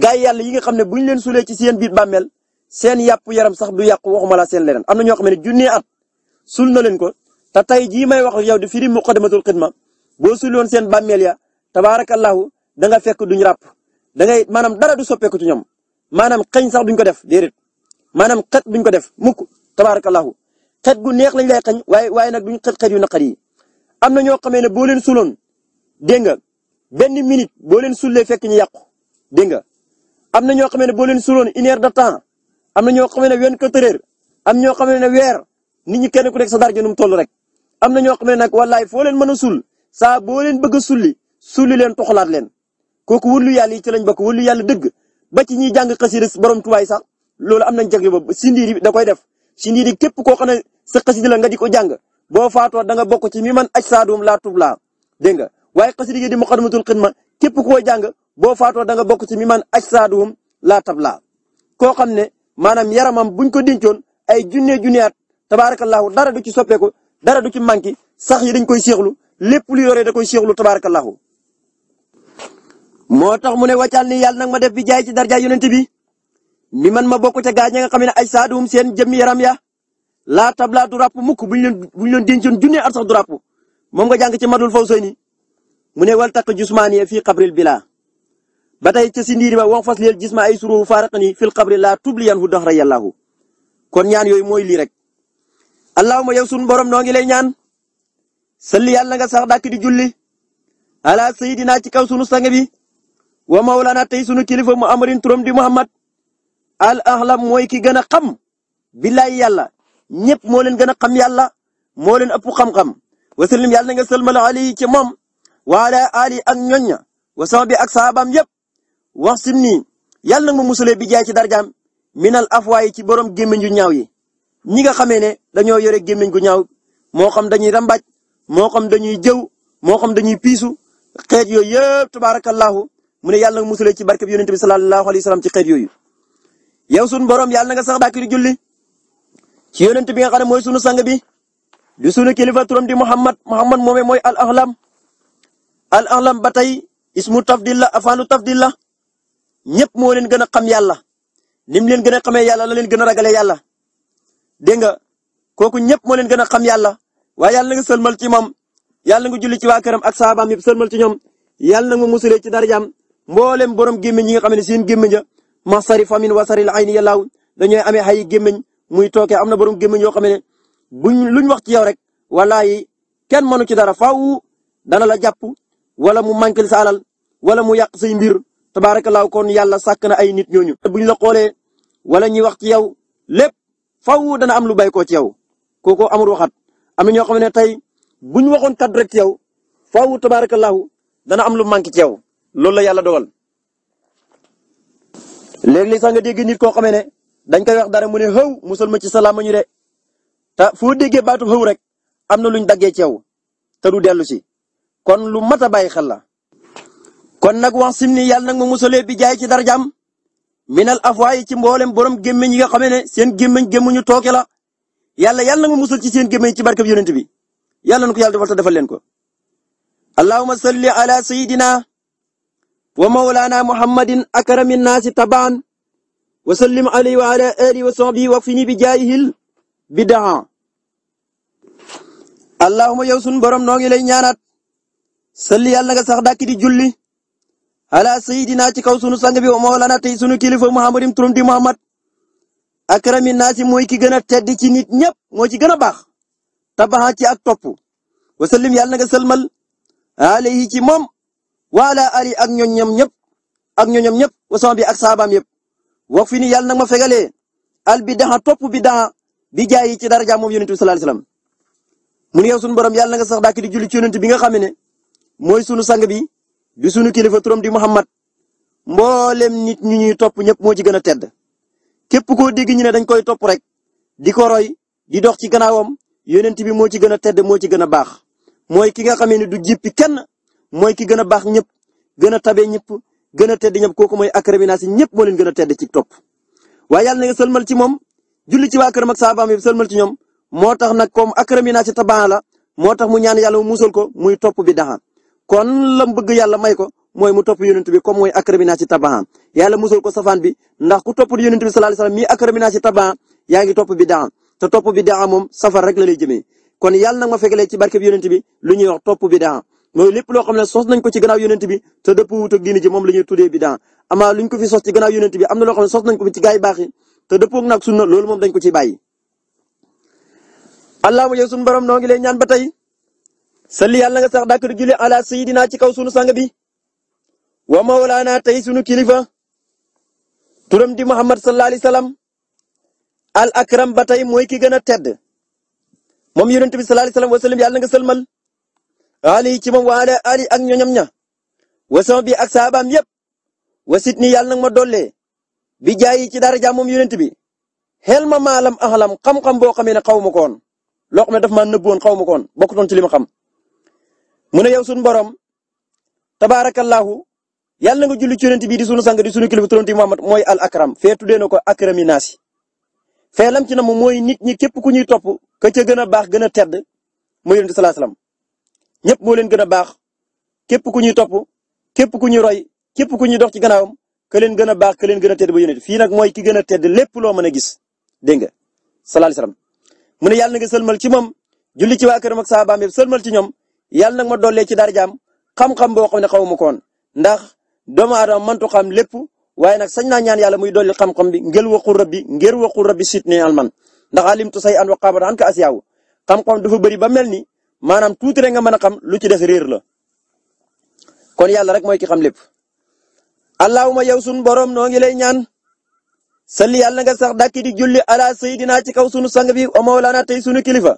gaay yàlla yi nga xam ne bu ñu leen sulee ci seen biir bàmmeel seen yàpp yaram sax bu yàqu waxuma la seen leneen am na ñoo xam ne junni at sul na leen ko te tey jii may wax ak yow di firi muqaddamatul xidma boo suloon seen bàmmeel ya tabaarakallahu da danga fekk duñ ràpp da ngay maanaam dara du soppeeku ci ñoom maanaam xëñ sax duñ ko def déedéet maanaam xet duñ ko def mukk tabaarakallahu xet gu neex lañ lay xañ waaye waaye nag duñ xet xet yu naqar yi am na ñoo xamee ne boo leen suloon dégg nga benn minute boo leen sulee fekk ñu yàqu dégg nga am na ñoo xamee ne boo leen suloon une heure de temps am na ñoo xamee ne vingt-quatre heures am ñoo xamee ne weer ni ñi kenn ku nekk sa darja nu mu toll rek am na ñoo xam ne nag wallaay foo leen mën a sul saa boo leen bëgg a sulli sulli leen toxalaat leen kooku wëllu yàlla yi ci lañ bokk wëllu yàlla dëgg ba ci ñiy jàng xasida borom tubaay sax loolu am nañ jagle boobu sindiir bi da koy def si nii di képp koo xam ne sa xasida la nga di ko jàng boo faatoo da nga bokk ci mi man aj saadum laa tub laa dégg nga waaye xasida gi di muqaddimatul xidma képp koo jàng boo faatoo danga bokk ci mi man aj saadum laa tab laa koo xam ne maanaam yaramam buñ ko dencoon ay junne junneyaat tabaarakallaahu dara du ci soppeeku dara du ci manki sax yi dañ koy seexlu lépp lu yore da koy seexlu tabaarakallaahu moo tax mu ne wàccal ni yàlla nag ma def bi jaay ci darja yonent bi mi man ma bokk ca gaa ña nga xam ne ay saaduum seen jëmmi yaram ya laa tabla du ràpp mukk buñ leen buñ leen dencoon junne at sax moom ga jàng ci madul faw sëni mu ne wal takk jusmaaniya fii qabril bila ba tey ca si ndiiri ba wax fas leel jisma ay suruhu faaraqani fil qabri laa tubliyan hu dahra yallahu kon ñaan yooyu mooy lii rek ma yow sun borom noo ngi lay ñaan salli yàlla nga sax dàkk di julli ala sayidina ci kaw sunu sang bi wa mawlana tey sunu kilifa mu amarin turam di muhammad al ahlam mooy ki gën a xam billaay yàlla ñëpp moo leen gën a xam yàlla moo leen ëpp xam-xam wasallim yàlla na nga sëlmal ali ci moom waala ali ak ñoñña wasama bi ak saabaam yëpp wax sim nii yàlla nag ma bi jaay ci darjaam minal afwaay ci borom gémmiñ yu ñaaw yi ñi nga xamee ne dañoo yore gémmiñ gu ñaaw moo xam dañuy rambaaj moo xam dañuy jëw moo xam dañuy piisu xeet yooyu yëpp tabaarakallaahu mu ne yàlla nag musulee ci barke bi yonente bi sallallahu alayhi wa ci xeet yooyu yow sunu borom yàlla nga sax bàkk julli ci yonent bi nga xam ne mooy sunu sang bi di sunu kilifa turam di Muhammad Muhammad moome mooy al ahlam al ahlam ba tey is mu ismu di la afaanu di la ñëpp moo leen gën a xam yàlla ni leen gën a xamee yàlla la leen gën a ragale yàlla dégg nga kooku ñëpp moo leen gën a xam yàlla waaye yàlla na nga sëlmal ci moom yàlla nga julli ci waa këram ak saabaam yëpp sëlmal ci ñoom yàlla na nga musalee ci darajaam mboolem borom gémmiñ ñi nga xam ne seen gémmiñ masari famin wasari la ay ni yàllaaw dañooy amee ay gémmiñ muy tooke am na borom gémmiñ yoo xam ne buñ luñ wax ci yow rek wallaahi kenn mënu ci dara faw dana la jàpp wala mu manquil sa alal wala mu yàq say mbir tabaarakallaahu kon yàlla sàkk na ay nit ñooñu. buñ la xoolee wala ñuy wax ci yow lépp faaw dana am lu bay ci yow kooku amul waxat am na ñoo xam ne tey buñ waxoon kaddu rek ci yow faaw tabaarakallaahu dana am lu manqué ci yow loolu la yàlla dogal. léeg-léeg sax nga dégg nit koo xamee ne dañ koy wax dara mu ne xëw musal ma ci salaam ñu de ta foo déggee baatu xëw rek am na luñ daggee ci yow te du dellu si kon lu mat a bàyyi xel la. kon nag wax sim ni yàlla nag ma musalee bi jaay ci darjaam minal afwaay ci mboolem borom gémmiñ yi nga xamee ne seen gémmiñ gémmiñu tooke la yàlla yàlla nag ma musal ci seen gémmiñ ci barkab yonent bi yàlla na ko yàlla defal leen ko. allahumma salli ala sayidina wa mawlaana muhammadin akrami naasi tabaan wa sallim alayhi wa ala alihi wa sahbihi wa fini bi jaayihil bidaa allahuma yow sun borom noo ngi lay salli yàlla nga sax dàkk di julli ala sayidina ci kaw sunu sang bi wa mawlaana tey sunu kilifa muhammadim turum muhammad akrami naasi mooy ki gën a tedd ci nit ñëpp moo ci gën a baax tabaxan ci ak topp wa sallim yàlla nga sëlmal alayhi ci moom wa ala ali ak ñoñam ñëpp ak ñoñam ñëpp wa sama bi ak saabaam yëpp wax fi ni yàlla nag ma fegalee al bi daxa topp bi daxa bi jaayi ci daraja moom yonent bi sallallahu alayhi wasallam mu yow sunu borom yàlla nga sax dàkk di julli ci yonent bi nga xam ne mooy sunu sang bi di sunu kilifa turam di Muhammad mboolem nit ñu ñuy topp ñëpp moo ci gën a tedd képp koo dégg ñu ne dañ koy topp rek di ko roy di dox ci gannaawam yonent bi moo ci gën a tedd moo ci gën a baax mooy ki nga xamee ne du jippi kenn mooy ki gën a baax ñëpp gën a tabe ñëpp gën a tedd ñëpp kooku mooy akrami naasi ñëpp moo leen gën a tedd ci topp. waaye yàlla na nga sëlmal ci moom julli ci waa këram ak saabaam yi sëlmal ci ñoom moo tax nag comme akrami naasi tabaan la moo tax mu ñaan yàlla mu musal ko muy topp bi daxa kon lam bëgg yàlla may ko mooy mu topp yonent bi comme mooy akrami naasi tabaan yàlla musal ko safaan bi ndax ku topp yonent bi sallallahu alayhi wasallam mi akrami naasi tabaan yaa ngi topp bi daxa te topp bi daxa moom safar rek la lay jëmee kon yàlla nag ma fekkalee ci barke bi yonent bi lu ñuy wax topp bi mooy lépp loo xam ne sos nañ ko ci gannaaw yonent bi te dëppoowut ak diine ji moom la ñuy tuddee bidaa amaa luñ ko fi sos ci gannaaw yonent bi am na loo xam ne sos nañ ko ci gaa yi baax yi te dëppoo ak sunna loolu moom dañ ko ciy bàyyi. allahumma yow sunu borom noo ngi lay ñaan ba tey salli yàlla nga sax dàkk julli ala sayidina ci kaw sunu sang bi wa naa tey sunu kilifa turam di muhammad sallallahu alayhi salaam al akram ba tey mooy ki gën a tedd moom yonent bi sallallahu alayhi salaam wa sallam yàlla nga sëlmal ali ci moom waale ali ak ñoñam ña wasama bi ak saabaam yëpp wasit ni yàlla nag ma dollee bi jaayi ci dara jaam moom yonent bi xel ma maalam axalam xam-xam boo xamee ne xaw ma ko woon loo xam ne daf maa nëbboon xaw ma ko woon bokkutoon ci li ma xam. mu ne yow sunu borom tabaarakallaahu yàlla nga julli ci yonent bi di sunu sang di sunu kilifa turanti Muhammad mooy al akram fee tuddee na ko akrami naasi. feelam ci na mu mooy nit ñi képp ku ñuy top ka ca gën a baax gën a tedd mu yonent ñëpp moo leen gën a baax képp ku ñuy topp képp ku ñuy roy képp ku ñuy dox ci gannaawam ka leen gën a baax ka leen gën a tedd ba yónent fii nag mooy ki gën a tedd lépp loo mën a gis dégg nga sallallahu alayhi wasallam mu ne yàlla na nga sëlmal ci moom julli ci waa këram ak saabaam yëpp sëlmal ci ñoom yàlla nag ma dollee ci darajaam xam-xam bo xam ne xaw ma ko woon ndax doomu aadama mëntu xam lépp waaye nag sañ naa ñaan yàlla muy dolli xam-xam bi ngel waxul rabbi ngir waxul rabbi sit ne alman ndax alimtu say an wa an ka asiyaaw xam-xam maanaam tuuti rek nga mën a xam lu ci des la kon yàlla rek mooy ki xam lépp. allahuma yow sunu borom noo ngi lay ñaan. salli yàlla nga sax dàkki di julli ala sayidina ci kaw sunu sang bi wa mawlana tey sunu kilifa.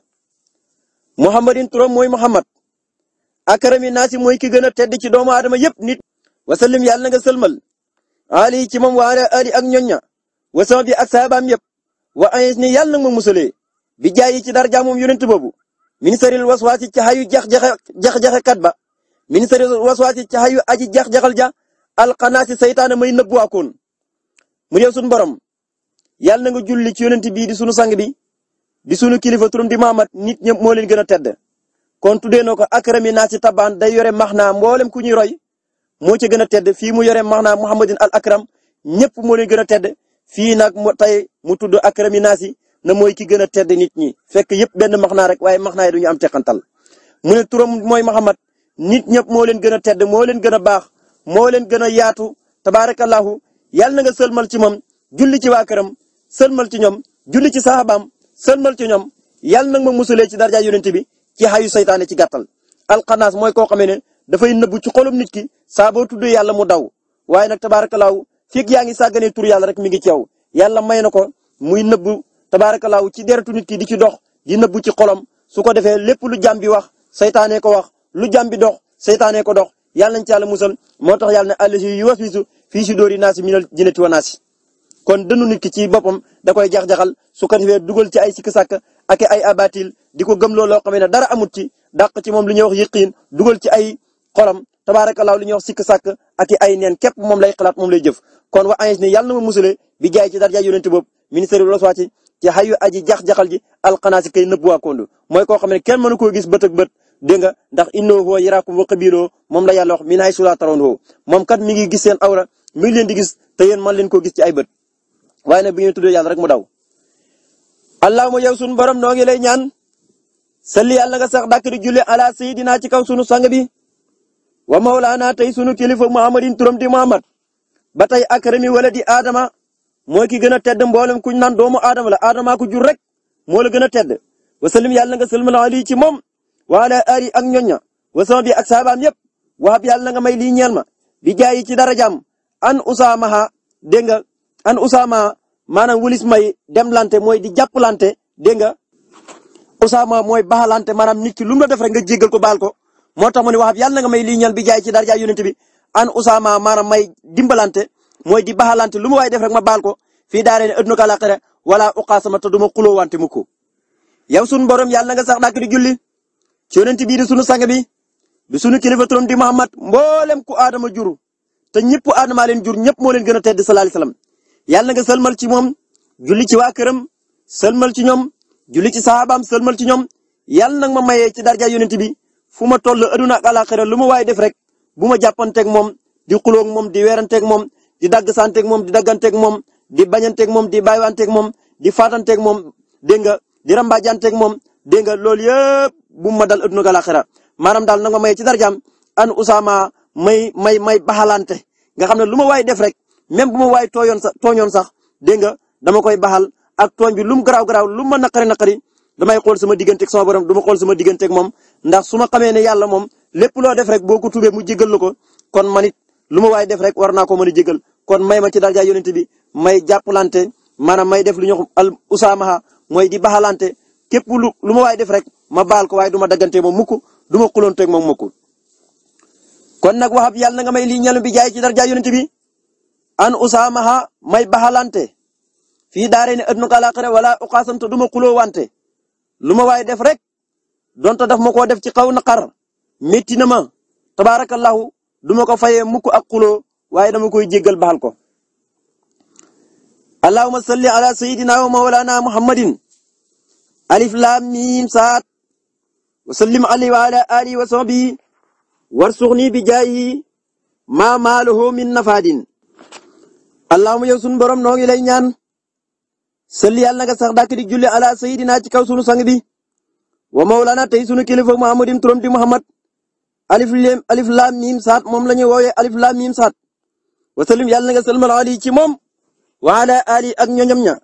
muhammadin turam mooy muhammad. akarami naasi mooy ki gën a tedd ci doomu aadama yépp nit. wasallim yàlla nga sëlmal. ali ci moom waa ali ak ñoñña. wasama bi ak saabaam yépp. wa ayis ni yàlla nga ma musalee. bi jaay ci dara jaamoom yonent boobu. ministaril waswaasi ca xayu jax jaxe kat ba ministaril waswaasi ca xayu aji jax jaxal ja alxanaasi saytaane may nëbbuwaakoon mu yow sunu borom yàlla na nga julli ci yonent bii di sunu sang bi di sunu kilifa turam di mamat nit ñëpp moo leen gën a tedd. kon tuddee ko akrami naa si day yore maxnaa mboolem ku ñuy roy moo ci gën a tedd fii mu yore maxnaa muhammadin al akram ñëpp moo leen gën a tedd fii nag mu tey mu tudd akrami naa na mooy ki gën tedd nit ñi fekk yëpp benn maxnaa rek waaye maxnaa yi du ñu am teqantal mu ne turam mooy Muhammad nit ñëpp moo leen gën a tedd moo leen gën a baax moo leen gën a yaatu tabaarakallahu yàlla na nga sëlmal ci moom julli ci waa këram sëlmal ci ñoom julli ci saxaabaam sëlmal ci ñoom yàlla na nga ma musulee ci darja yonent bi ci xayu seytaane ci gàttal. alxanaas mooy koo xamee ne dafay nëbbu ci xolum nit ki saa boo tuddee yàlla mu daw waaye nag tabaarakallahu fii yaa ngi sàgganee tur yàlla mi ngi ci yow tabaarakallaahu ci deretu nit ki di ci dox di nëbbu ci xolom su ko defee lépp lu jàmm bi wax saytaane ko wax lu jàmm bi dox saytaane ko dox yàlla nañ ci yàlla musal moo tax yàlla ne allazi yuwaswisu fii suduuri naasi minal jinnati wa naasi kon dënnu nit ki ci boppam da koy jax-jaxal su ko defee dugal ci ay sikk sàkk ak ay abatil di ko gëmloo loo xam ne dara amut ci dàq ci moom lu ñuy wax yiqiin dugal ci ay xolam tabaarakallaahu li ñuy wax sikk sàkk ak ay neen képp moom moom lay jëf kon wa ange ni yàlla na ma ci dara jaay yonente boobu ci xayu aji jax-jaxal ji alxanaasi kay nëbb waa kondo mooy koo xam ne kenn mënu koo gis bët ak bët dégg nga ndax innoo huwa yaraakum wa qabiiloo moom la yàlla wax min haysu laa tarawna moom kat mi ngi gis seen awra mi ngi leen di gis te yéen man leen koo gis ci ay bët waaye nag bi ngeen tuddee yàlla rek mu daw allahuma yow sunu borom noo ngi lay ñaan salli yàlla nga sax dàkk di julli ala sayidina ci kaw sunu sang bi wa la mawlaana tey sunu kilifa muhammadin turam di muhammad ba tey akrami wala di aadama mooy ki gën a tedd mboolem kuñ naan doomu aadama la aadamaa ko jur rek moo la gën a tedd wasalim yàlla nga sëlmal ali ci moom waala ari ak ñoña wasama bi ak saabaam yëpp waxab yàlla nga may lii ñeel ma bi jaayi ci dara jàmm an usaamaha dégg nga an usaamaha maanaam wulis may dem lante mooy di jàppalante dégg nga usaama mooy baaxalante maanaam nit ki lu mu def rek nga jéggal ko baal ko moo tax mu ne waxab yàlla nga may lii ñeel bi jaay ci dara jàmm bi an usaama maanaam may dimbalante mooy di baaxalante lu ma waaye def rek ma baal ko fii daaree ne ëdduna ko àllaaxira wala uqaasama te du ma xuloo wante mu ko. yow sunu borom yàlla na nga sax dàkk di julli ci yonent bii di sunu sang bi di sunu kilifa turam di Muhammad mboolem ku aadama juru te ñëpp aadama leen jur ñëpp moo leen gën a tedd sallallahu alayhi wasallam yàlla na nga sëlmal ci moom julli ci waa këram sëlmal ci ñoom julli ci sahabaam sëlmal ci ñoom yàlla nag ma maye ci darja yonent bi fu ma toll aduna ak lu ma waay def rek bu ma jàppanteeg moom di moom di weeranteeg moom di dagg santeeg moom di dagganteeg moom di bañanteeg moom di bàyyiwanteeg moom di faatanteeg moom dégg nga di rambaajanteeg moom dégg nga loolu yëpp bu ma dal adduna galaxira maanaam daal na nga may ci darjaam an Usaama may may may baxalante nga xam ne lu ma waay def rek même bu ma waay tooyoon sax tooñoon sax dégg nga dama koy baxal ak tooñ bi lum garaaw garaaw lum ma naqari naqari damay xool sama digganteeg sama borom ma xool sama digganteeg moom ndax su ma xamee ne yàlla moom lépp loo def rek boo ko tubee mu jéggal la ko lu ma waay def rek war naa ko mën a jegal kon may ma ci darja yonent bi may jàppalante maanaam may def lu ñuy wax al usaamaha mooy di baxalante képp lu lu ma waay def rek ma baal ko waaye du ma daggante moom mukk du ma xulonteeg moom mukk kon nag waxab yàlla nga may lii ñalu bi jaay ci darja yonent bi an usaamaha may baxalante fi daaree ne ëdduna ko àllaaxira wala uqaasamta du ma xuloo wante lu ma def rek donte daf ma koo def ci kaw naqar métti na ma duma ko fayee mukk ak xuloo waaye dama koy jéggal baal ko allahumma salli ala sayyidina wa mawlana muhammadin alif lam mim saat wa sallim alayhi wa ala alihi wa sahbihi warsuxni bi jaayi ma maaluhu min nafaadin allahumma yow sun borom noo ngi lay ñaan salli yàlla nga sax dàkk di julli ala sayyidina ci kaw sunu sang bi wa mawlana tey sunu kilifa muhammadin turam muhammad alif lam alif lam mim saat moom la ñuy woowee alif lam mim saat wasallim yàlla na nga salmal ali ci moom wa ali ak ñoñam ña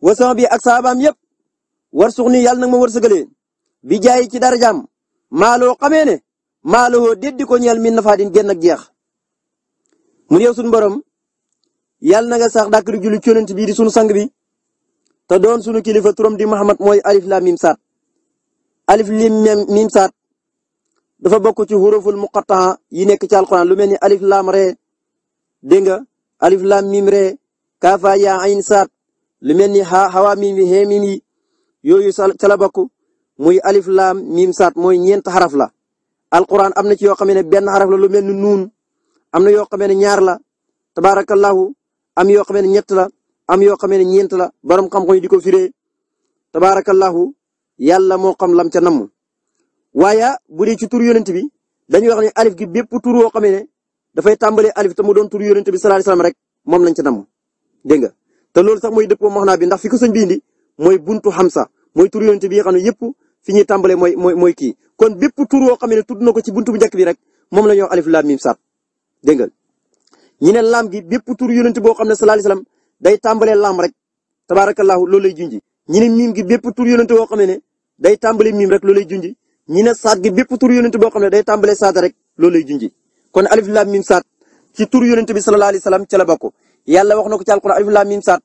wa bi ak saabaam yëpp war suux ni yàlla na ma wërsëgalee bi jaay ci darajaam maaloo xamee ne maaloo ko ñeel min nafaadin génn ak jeex mu yow sunu borom yàlla na sax dàkk di julli ci yonent bii di sunu sang bi te doon sunu kilifa turam di Muhammad mooy alif lam mim saat alif lim mim saat dafa bokk ci xuruful muqataa yi nekk ci alquran lu mel ni alif laam ree dégg nga alif laam mim ree kaafa yaa ayn lu mel ni ha hawa mim yi hee mim muy alif laam mim saat mooy ñeent xaraf la. alquran am na ci yoo xam ne benn xaraf lu mel ni nuun am na yoo xam ne ñaar la tabaarakallahu am yoo xam ñett la am yoo xam ne ñeent la borom xam-xam yi di ko firee tabaarakallahu yàlla waaye bu dee ci tur yonent bi dañuy wax ne alif gi bépp tur woo xamee ne dafay tàmbalee alif te doon tur yonent bi sallallahu alayhi rek moom lañ ci namm dégg nga te loolu sax mooy dëppoo maxnaa bi ndax fi ko sëñ bi indi mooy buntu Hamza mooy tur yonent bi nga xam ne yëpp fi ñuy tàmbalee mooy mooy mooy kii kon bépp tur woo xamee ne tudd na ko ci buntu bu njëkk bi rek moom la ñuy wax alif laam mim saat dégg nga ñu ne laam gi bépp tur yonent boo xam ne sallallahu alayhi wasallam day tàmbalee laam rek tabaarakallaahu loolu lay junji ñu ne miim gi bépp tur yonent boo xam ne day tàmbalee miim rek loolu lay junji ñi ne saat gi bépp tur yonent boo xam ne day tàmbalee saat rek loolu lay junji kon alif lam mim saat ci tur yonent bi sallallahu alayhi wasallam ca wax na ko ci alquran alif lam mim saat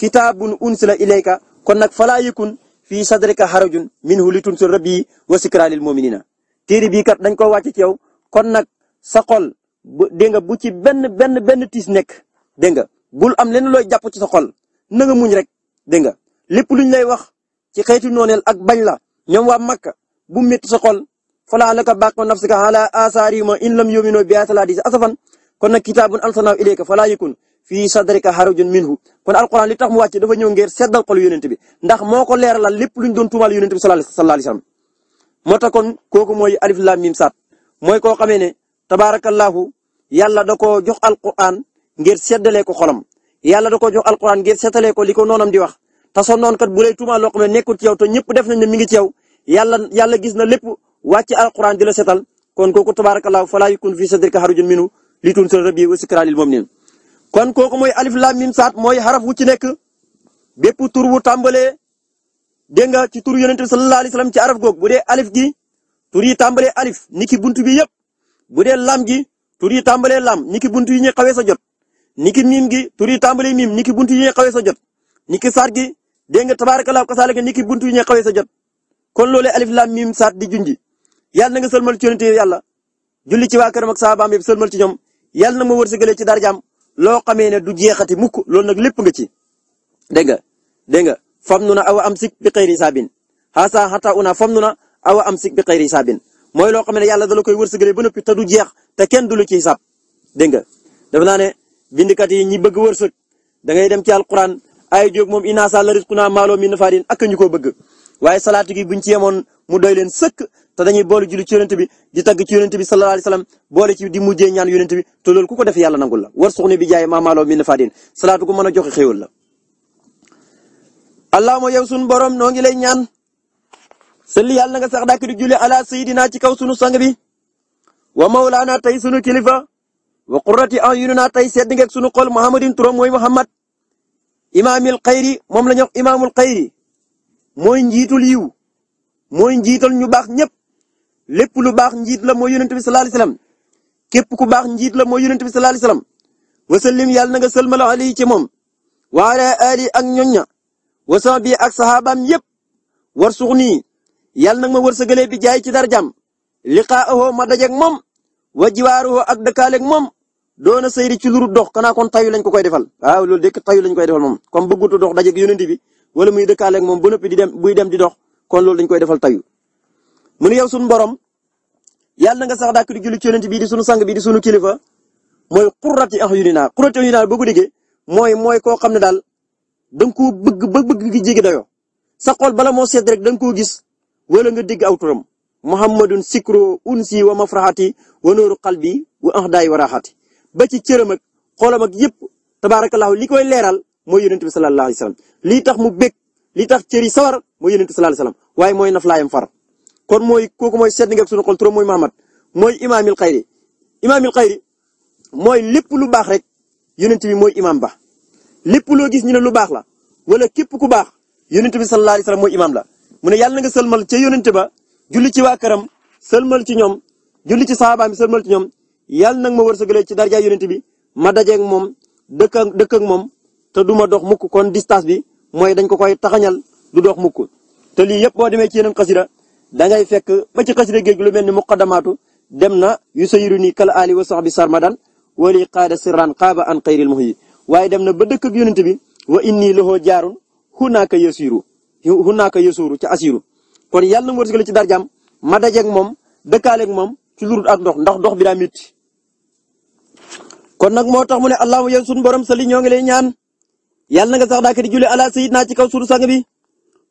kitaabun unsila ilayka kon nag falaa yakun fii sadrika harajun minhu litunsir rabbi wa sikra lil mu'minina téere bii kat dañ ko wàcc ci kon nag sa xol bu dégg nga bu ci benn benn benn tiis nek dégg nga bul am lenn looy jàpp ci sa xol na nga muñ rek dégg nga lépp luñ lay wax ci xeetu nooneel ak bañ la ñoom waa Makka bu métti sa xol fala alaka baqo nafsika ala asarihim in lam yu'minu bi ayatil hadis asafan kon nag kitaabun alsanahu ilayka fala yakun fii sadrika harajun minhu kon alquran li tax mu wàcc dafa ñëw ngir seddal xolu yonent bi ndax moo ko leeralal lépp luñ doon tuumaal yonent bi sallallahu alayhi wasallam moo tax kon kooku mooy alif lam mim saat mooy koo xamee ne tabarakallahu yàlla da jox alquran ngir seddalee ko xolam yàlla da koo jox alquran ngir ko li ko noonam loo xam ne ñëpp def nañ ne mi ngi ci yow yàlla yàlla gis na lépp wàcc alquran di la setal kon kooku tabaarakallaahu falaa yakun fii sadrika harajun minhu li tunzira bihi wa zikraa lil mu'minin kon kooku mooy alif laam mim saat mooy xaraf wu ci nekk bépp tur wu tàmbalee dégg nga ci tur yonent bi sallallahu alayhi wasallam ci araf googu bu dee alif gi tur yi tàmbalee alif niki buntu bi yëpp bu dee lam gi tur yi tàmbalee lam niki bunt yi ñuy xawee sa jot niki miim gi tur yi tàmbalee miim niki buntu yi ñuy xawee sa jot niki saar gi dégg nga tabaarakallaahu kasaalika niki buntu yi ñuy xawee sa jot kon loolee alif lam mim saat di junji yàlla na nga sëlmal ci yonente yàlla julli ci waa këram ak saabaam yëpp sëlmal ci ñoom yàlla na ma wërsëgalee ci darjaam loo xamee ne du jeexati mukk loolu nag lépp nga ci dégg nga dégg nga fam nu na awa am sik bi xëyri saabin xaasa xata una fam nu na awa am sik bi xëyri saabin mooy loo xam ne yàlla da la koy wërsëgalee ba noppi te du jeex te kenn du lu ci xisaab dégg nga dafa naa ne bindikat yi ñi bëgg wërsëg da ngay dem ci alquran ay jóg moom inna sa la risquna maaloo min faadin ak ñu ko bëgg waaye salaatu gi buñ ci yemoon mu doy leen sëkk te dañuy boole julli ci yonent bi di tagg ci yonent bi sallallahu alayhi wasallam boole ci di mujjee ñaan yonent bi te lool ku ko def yàlla nangul la war suxni bi jaay maamaaloo min fadin salaatu gu mën a joxe xéewal la allahumma yow sunu borom noo ngi lay ñaan salli yàlla na nga sax dàkk di julli ala sayidina ci kaw sunu sang bi wa mawlaana tey sunu kilifa wa qurrati ayunina tey sedd ngeeg sunu xol muhammadin turam mooy muhammad imaamil xayri moom la ñu wax mooy njiitul yiw mooy njiital ñu baax ñëpp lépp lu baax njiit la mooy yonent bi sallallahu alayhi wasallam képp ku baax njiit la mooy yonent bi sallallahu alayhi wasallam wasallim yàlla na nga sëlmal alayhi ci moom wa ala ali ak ñoñña wasan bi ak saxaabaam yëpp war suux nii yàlla na nga ma wërsëgalee bi jaay ci darjam liqaahu ma dajeeg moom wa jiwaaruhu ak dëkkaaleeg moom doona sëyri ci luru dox kanaa kon tayu lañ ko koy defal waaw loolu dëkk tayu lañ koy defal moom comme bëggutu dox dajeeg yonent bi wala muy dëkkaale ak moom ba noppi di dem buy dem di dox kon loolu dañ koy defal tayu mu ne yow sunu borom yàlla na nga sax dàkk di julli ci yonent bii di sunu sang bi di sunu kilifa mooy qurrati ahyuninaa qurrati ahyuninaa boo ko déggee mooy mooy koo xam ne daal da ko koo bëgg ba bëgg gi jéggi dayoo sa xol bala moo seet rek da nga koo gis wala nga digg aw turam muhammadun sikro unsi wa mafraxati wa nooru qalbi wa ahdaay wa raxati ba ci cëram ak xoolam ak yëpp tabaarakallaahu li koy leeral mooy yonent bi sallallahu alayhi wa lii tax mu bég lii tax cër yi sawar mooy yonent sallallahu alayhi wasallam waaye mooy naflaayam far kon mooy kooku mooy sedd ni nga sunu xol turam mooy Muhammad mooy imaamil xayri imaamil xayri mooy lépp lu baax rek yonent bi mooy imaam ba lépp loo gis ñu ne lu baax la wala képp ku baax yonent bi sallallahu alayhi wasallam mooy imaam la mu ne yàlla na nga sëlmal ca yonent ba julli ci waa këram sëlmal ci ñoom julli ci saabaam bi sëlmal ci ñoom yàlla nag ma wërsëgalee ci darja yonent bi ma dajeeg moom dëkk ak dëkk ak moom te du ma dox mukk kon distance bi mooy dañ ko koy taxañal du dox mukk te lii yëpp boo demee ci yeneen xasida dangay fekk ba ci xasida géej lu mel ni muqaddamaatu dem na yu sayiru ni kala ali wa sahbi sarmadan wali qaada sirran qaaba an xayril muhyi waaye dem na ba dëkk ak yonent bi wa inni loxoo jaarun hunaaka yasiru hunaaka yasiru ci asiru kon yàlla na mu ci darjaam ma dajeeg moom dëkkaaleeg moom ci lurut ak ndox ndax ndox bi daa métti kon nag moo tax mu ne allahumma yow suñu borom sali ñoo ngi lay ñaan yàlla na nga sax daaka di julli ala sayyidina ci kaw sunu sang bi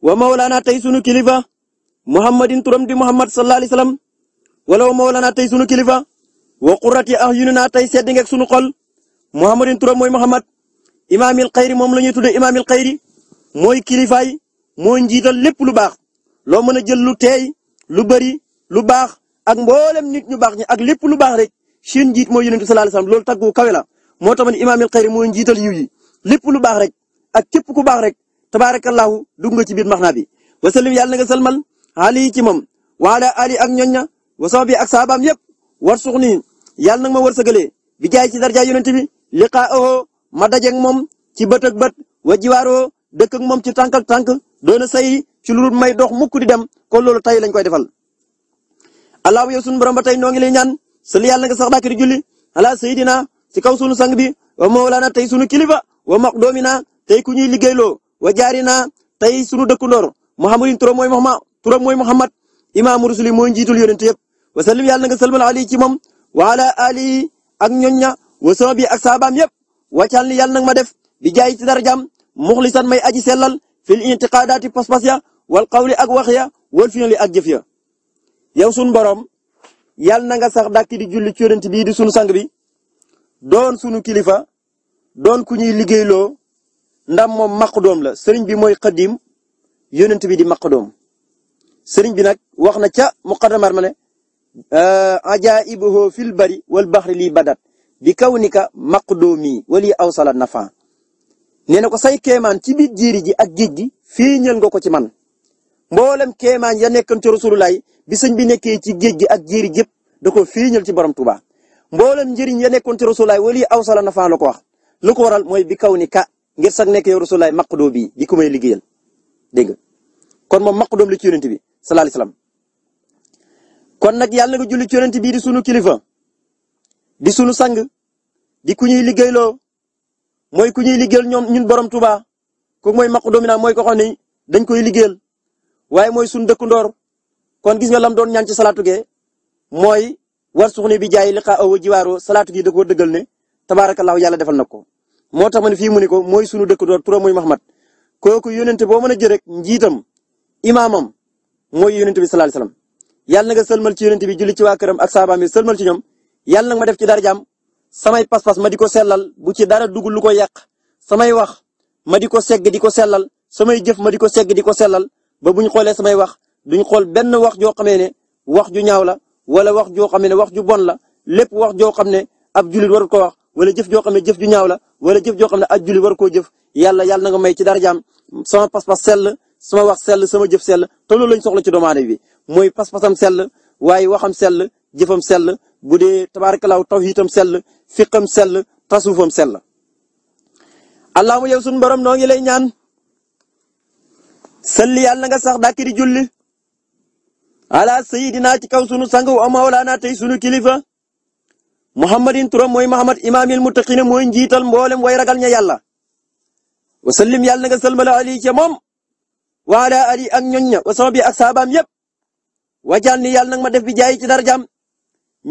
wa mawlaana tey sunu kilifa muhammadin turam di muhammad sallallahu alayhi wala wa mawlaana tey sunu kilifa wa qurrati ahyunina tey sedd ngeeg sunu xol muhammadin turam mooy muhammad imaamil xayri moom la ñuy tuddee imaamil xayri mooy kilifaay mooy njiital lépp lu baax loo mën a jël lu teey lu bari lu baax ak mboolem nit ñu baax ñi ak lépp lu baax rek seen njiit mooy yonent sallallahu alayhi wasallam loolu taggu kawe la moo tax ma ne imaamil xayri njiital yiw yi lépp lu baax rek ak képp ku baax rek tabaarakallaahu dugg nga ci biir na bi wasallim yàlla na nga salmal ali ci moom wa ali ak ñoñ ña wasoo bi ak saabaam yépp war suux ni yàlla na nga ma wërsëgalee bi jaay ci darja yonent bi liqaahu ma dajeeg moom ci bët ak bët wa jiwaaroo dëkk ak moom ci tànk ak tànk doon na say ci lu dul may dox mukk di dem ko loolu tey lañ koy defal. allahu yow sunu borom ba tey noo ngi lay ñaan sëli yàlla nga sax dàkk di julli ala sayidina ci kaw sunu wa maqdoomina tey ku ñuy liggéeyloo wa jaarina tey sunu dëkkandoor muhammadin turam mooy Muhammad turam mooy Muhammad imaamu rusuli mooy njiitul yonent yëpp wa sallim yàlla na nga salmal ali ci moom wa ala ali ak ñoñña wa sama bi ak saabaam yëpp wàccal ni yàlla na ma def bi jaay ci darajam muxlisan may aji sellal fil intiqaadaati pas-pas ya wal qawli ak wax ya wal fi'li ak jëf ya yow sunu borom yàlla na nga sax dàkk di julli ci yonent bii di sunu sang bi doon sunu kilifa. don ku ñuy liggéeyloo ndam moom doom la sëriñ bi mooy xadim yonent bi di maqdoom sëriñ bi nag wax na ca muqaddamar ma ne ajaibuhu fil bari wal baxri lii badat bi kawnika maqdoomi wali awsala nafa nee na ko say keemaan ci biir jiiri ji ak géej gi fii ñël nga ko ci man mboolem keemaan ya nekkoon ci rasululaay bi sëñ bi nekkee ci géej gi ak jiiri yëpp da ko fii ñël ci borom Tuubaa mboolem njëriñ ya nekkoon ci rasululaay wali awsala nafa la ko wax lu ko waral mooy bi kaw ni ka ngir sax nekk yow rasulaay maqdoo bi di ku may liggéeyal dégg nga kon moom maqdoom li ci yonent bi sallallahu alayhi wasallam kon nag yàlla nga julli ci yonent bii di sunu kilifa di sunu sang di ku ñuy liggéeyloo mooy ku ñuy liggéeyal ñoom ñun borom Tuuba kooku mooy mi naa mooy ko xam dañ koy liggéeyal waaye mooy sunu dëkk kon gis nga lam doon ñaan ci salaatu ge mooy war suxni bi jaay liqa aw jiwaaro salaatu gi da koo dëggal ne tabaarakallaahu yàlla defal na ko moo tax ma ne fii mu ni ko mooy sunu dëkk doot pro muy Muhammad kooku yónente boo mën a jël rek njiitam imaamam mooy yónente bi sallallahu alayhi wasallam yàlla na nga ci yónente bi julli ci waa këram ak saabaam yi sëlmal ci ñoom yàlla na ma def ci darajaam samay pas-pas ma di ko sellal bu ci dara dugg lu ko yàq samay wax ma di ko segg di ko sellal samay jëf ma di ko segg di ko sellal ba bu ñu xoolee samay wax duñ xool benn wax joo xamee ne wax ju ñaaw la wala wax joo xam ne wax ju bon la lépp wax joo xam ne ab jullit warut ko wax wala jëf joo xam ne jëf ju ñaaw la wala jëf joo xam ne ajjuli war koo jëf yàlla yàlla na nga may ci dara darajaam sama pas-pas sell sama wax sell sama jëf sell te loolu lañ soxla ci doomu bi mooy pas-pasam sell waaye waxam sell jëfam sell bu dee tabaarakalaaw tawhiidam sell fiqam sell tasawufam sell. allahumma yow sunu borom noo ngi lay ñaan. salli yàlla na nga sax dàkk di julli. ala sayyidina ci kaw sunu sang wa mawlaana tey sunu kilifa. muhammadin turam mooy muhammad imaamil muttaqina mooy njiital mboolem way ragal ña yàlla wa sallim yàlla na nga salmala ali ca moom wa ala ali ak ñoñ ña wa sababi ak saabaam yëpp wajal ni yàlla nag ma def bi jaay ci darajaam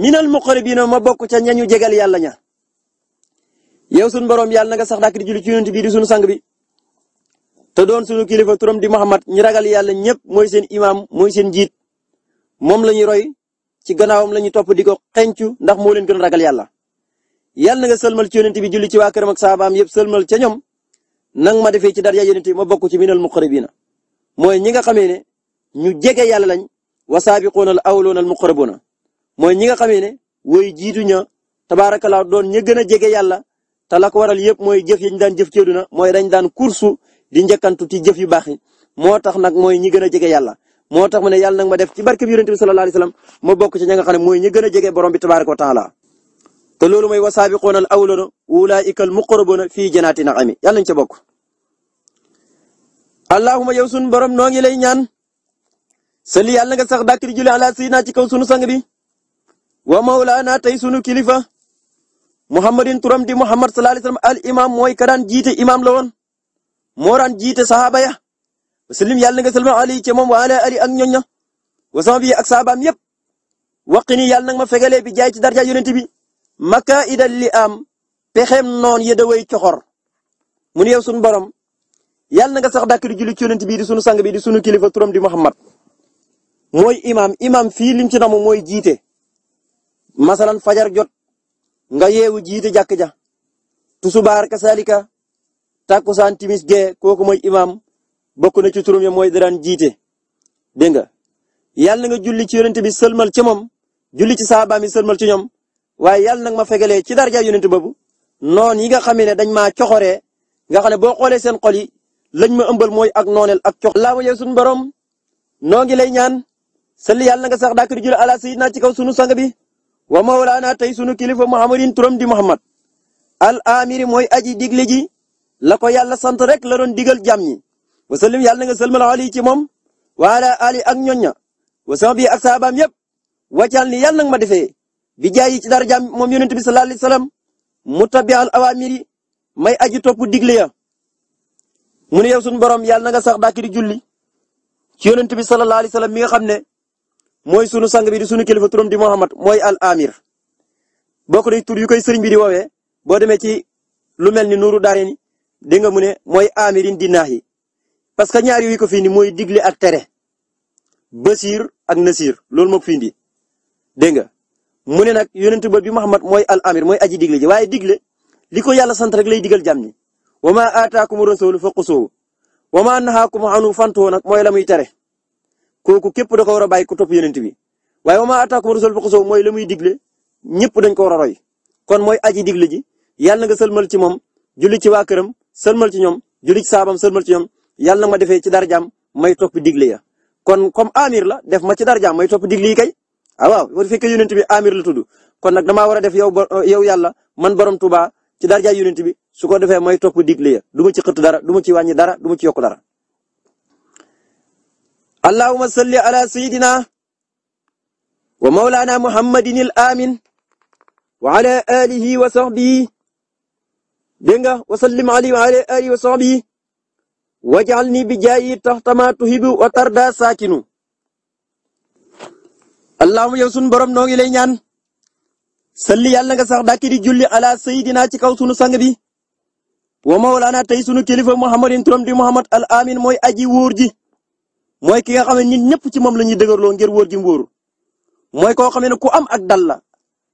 minal muqarrabina ma bokk ca ñu jegal yàlla ña yow sun borom yàlla na nga sax dàkk di julli ci yonent bi di sunu sang bi te doon sunu kilifa turam di muhammad ñi ragal yàlla ñëpp mooy seen imaam mooy seen jiit moom la ñuy roy ci gannaawam la ñu topp di ko xencu ndax moo leen gën a ragal yàlla yàlla na nga sëlmal ci yonent bi julli ci waa këram ak saabaam yëpp sëlmal ca ñoom nang ma defee ci daraja yonent bi ma bokk ci minal muqarrabina mooy ñi nga xamee ne ñu jege yàlla lañ wa saabiquuna al awluuna al muqarrabuuna mooy ñi nga xamee ne woy jiitu ña tabaarakallaa doon ña gën a jege yàlla te la ko waral yëpp mooy jëf yañ daan jëf ci àddina mooy dañ daan kursu di njëkkantu ci jëf yu baax yi moo tax nag mooy ñi gën a jege yàlla moo tax mu ne yàlla nag ma def ci barke bi yonent bi sallallahu alayhi wasallam ma bokk ci ña nga xam ne mooy ñi gën a jege borom bi tabaaraka wa taala te loolu mooy wasaabiquuna al awwaluna ulaaika al muqarrabuuna fii janaati naimi yàlla nañ ca bokk. allahumma yow sunu borom noo ngi lay ñaan. sali yàlla nga sax dàkk di julli ala sayyidina ci kaw sunu sang bi. wa mawlaana tey sunu kilifa. muhammadin turam di muhammad sallallahu alayhi wasallam al imam mooy ka daan jiite imam la woon. moo daan jiite sahaaba ya wasallim yàlla na nga salmal ali ci moom wa ali ak ñoñ na wasan bi ak saabaam yëpp waqini yàlla na ma fegalee bi jaay ci darja yonent bi makka idal li am pexeem noon ya da coxor mu ne yow borom yàlla na nga sax dàkk di julli ci yonent bi di sunu sang bi di sunu kilifa turam di Muhammad mooy imaam imaam fii lim ci namu mooy jiite masalan fajar jot nga yeewu jiite jàkk ja tusubaar kasalika takkusaan timis gee kooku mooy imaam bokk na ci turam ya mooy daraan jiite dégg nga yàlla nga julli ci yonent bi sëlmal ci moom julli ci saabaam mi sëlmal ci ñoom waaye yàlla nag ma fegalee ci darja yonent boobu non yi nga xam ne dañ maa coxoree nga xam ne boo xoolee seen xol yi lañ ma ëmbal mooy ak nooneel ak cox laawa yow suñu borom noo ngi lay ñaan salli yàlla nga sax dàkk di ala ala sayyidina ci kaw sunu sang bi wa mawlaana tey sunu kilifa muhammadin turam di muhammad al amiri mooy aji digle ji la ko yàlla sant rek la doon digal jàmm ñi wasallim yàlla na nga sëlmal ali ci moom waala ali ak ñoña wa sama bi ak saabaam yëpp wàccal ni yàlla nag ma defee bi jaay ci dara jaam moom yonent bi sallallahu alayhi wasallam mutabi'al awamiri may aji topp digle ya mu ne suñu borom yàlla na nga sax dàkk di julli ci yonent bi sallallahu alayhi wasallam mi nga xam ne mooy sunu sang bi di sunu kilifa turam di Muhammad mooy al amir bokk na tur yu koy sëriñ bi di woowee boo demee ci lu mel ni nuuru daareni di nga mu ne mooy amirin di naahi parce que ñaar yooyu ko fi indi mooy digle ak tere basir ak nasir loolu moo ko fi indi dégg nga mu ne nag yonent ba bi Muhammad mooy al amir mooy aji digle ji waaye digle li ko yàlla sant rek lay digal jàmm ñi wa ma aataakum rasulu faqusuhu wa ma nahaakum anhu fantuhu nag mooy la tere kooku képp da ko war a bàyyi ku topp yonent bi waaye wa ma aataakum rasulu faqusuhu mooy la digle ñëpp dañ ko war a roy kon mooy aji digle ji yàlla nga sëlmal ci moom julli ci waa këram sëlmal ci ñoom julli ci saabam sëlmal ci ñoom yàlla na ma defee ci darjaam may topp digle kon comme amir la def ma ci darjaam may topp digle yi kay ah waaw bu fekkee yonent bi amir la tudd kon nag damaa war a def yow yow yàlla man borom Tuubaa ci darja yonent bi su ko defee may topp digle ya du ma ci xëtt dara du ma ci wàññi dara du ma ci yokk dara. allahumma salli ala sayyidina wa mawlana muhammadin amin wa alihi wa sahbihi dégg nga wa sallim alihi wa sahbihi wajal ni bi jaayi taxta ma tuhibu wa tarda saakinu. allahumma yow sunu borom noo ngi lay ñaan. salli yàlla nga sax dàkki di julli ala sayidina ci kaw sunu sang bi. wa mawlaana tey sunu kilifa muhammadin turam di muhammad al amin mooy aji wóor ji. mooy ki nga xam ne nit ñëpp ci moom la ñuy ngir wóor ji mu mooy koo xam ne ku am ak dalla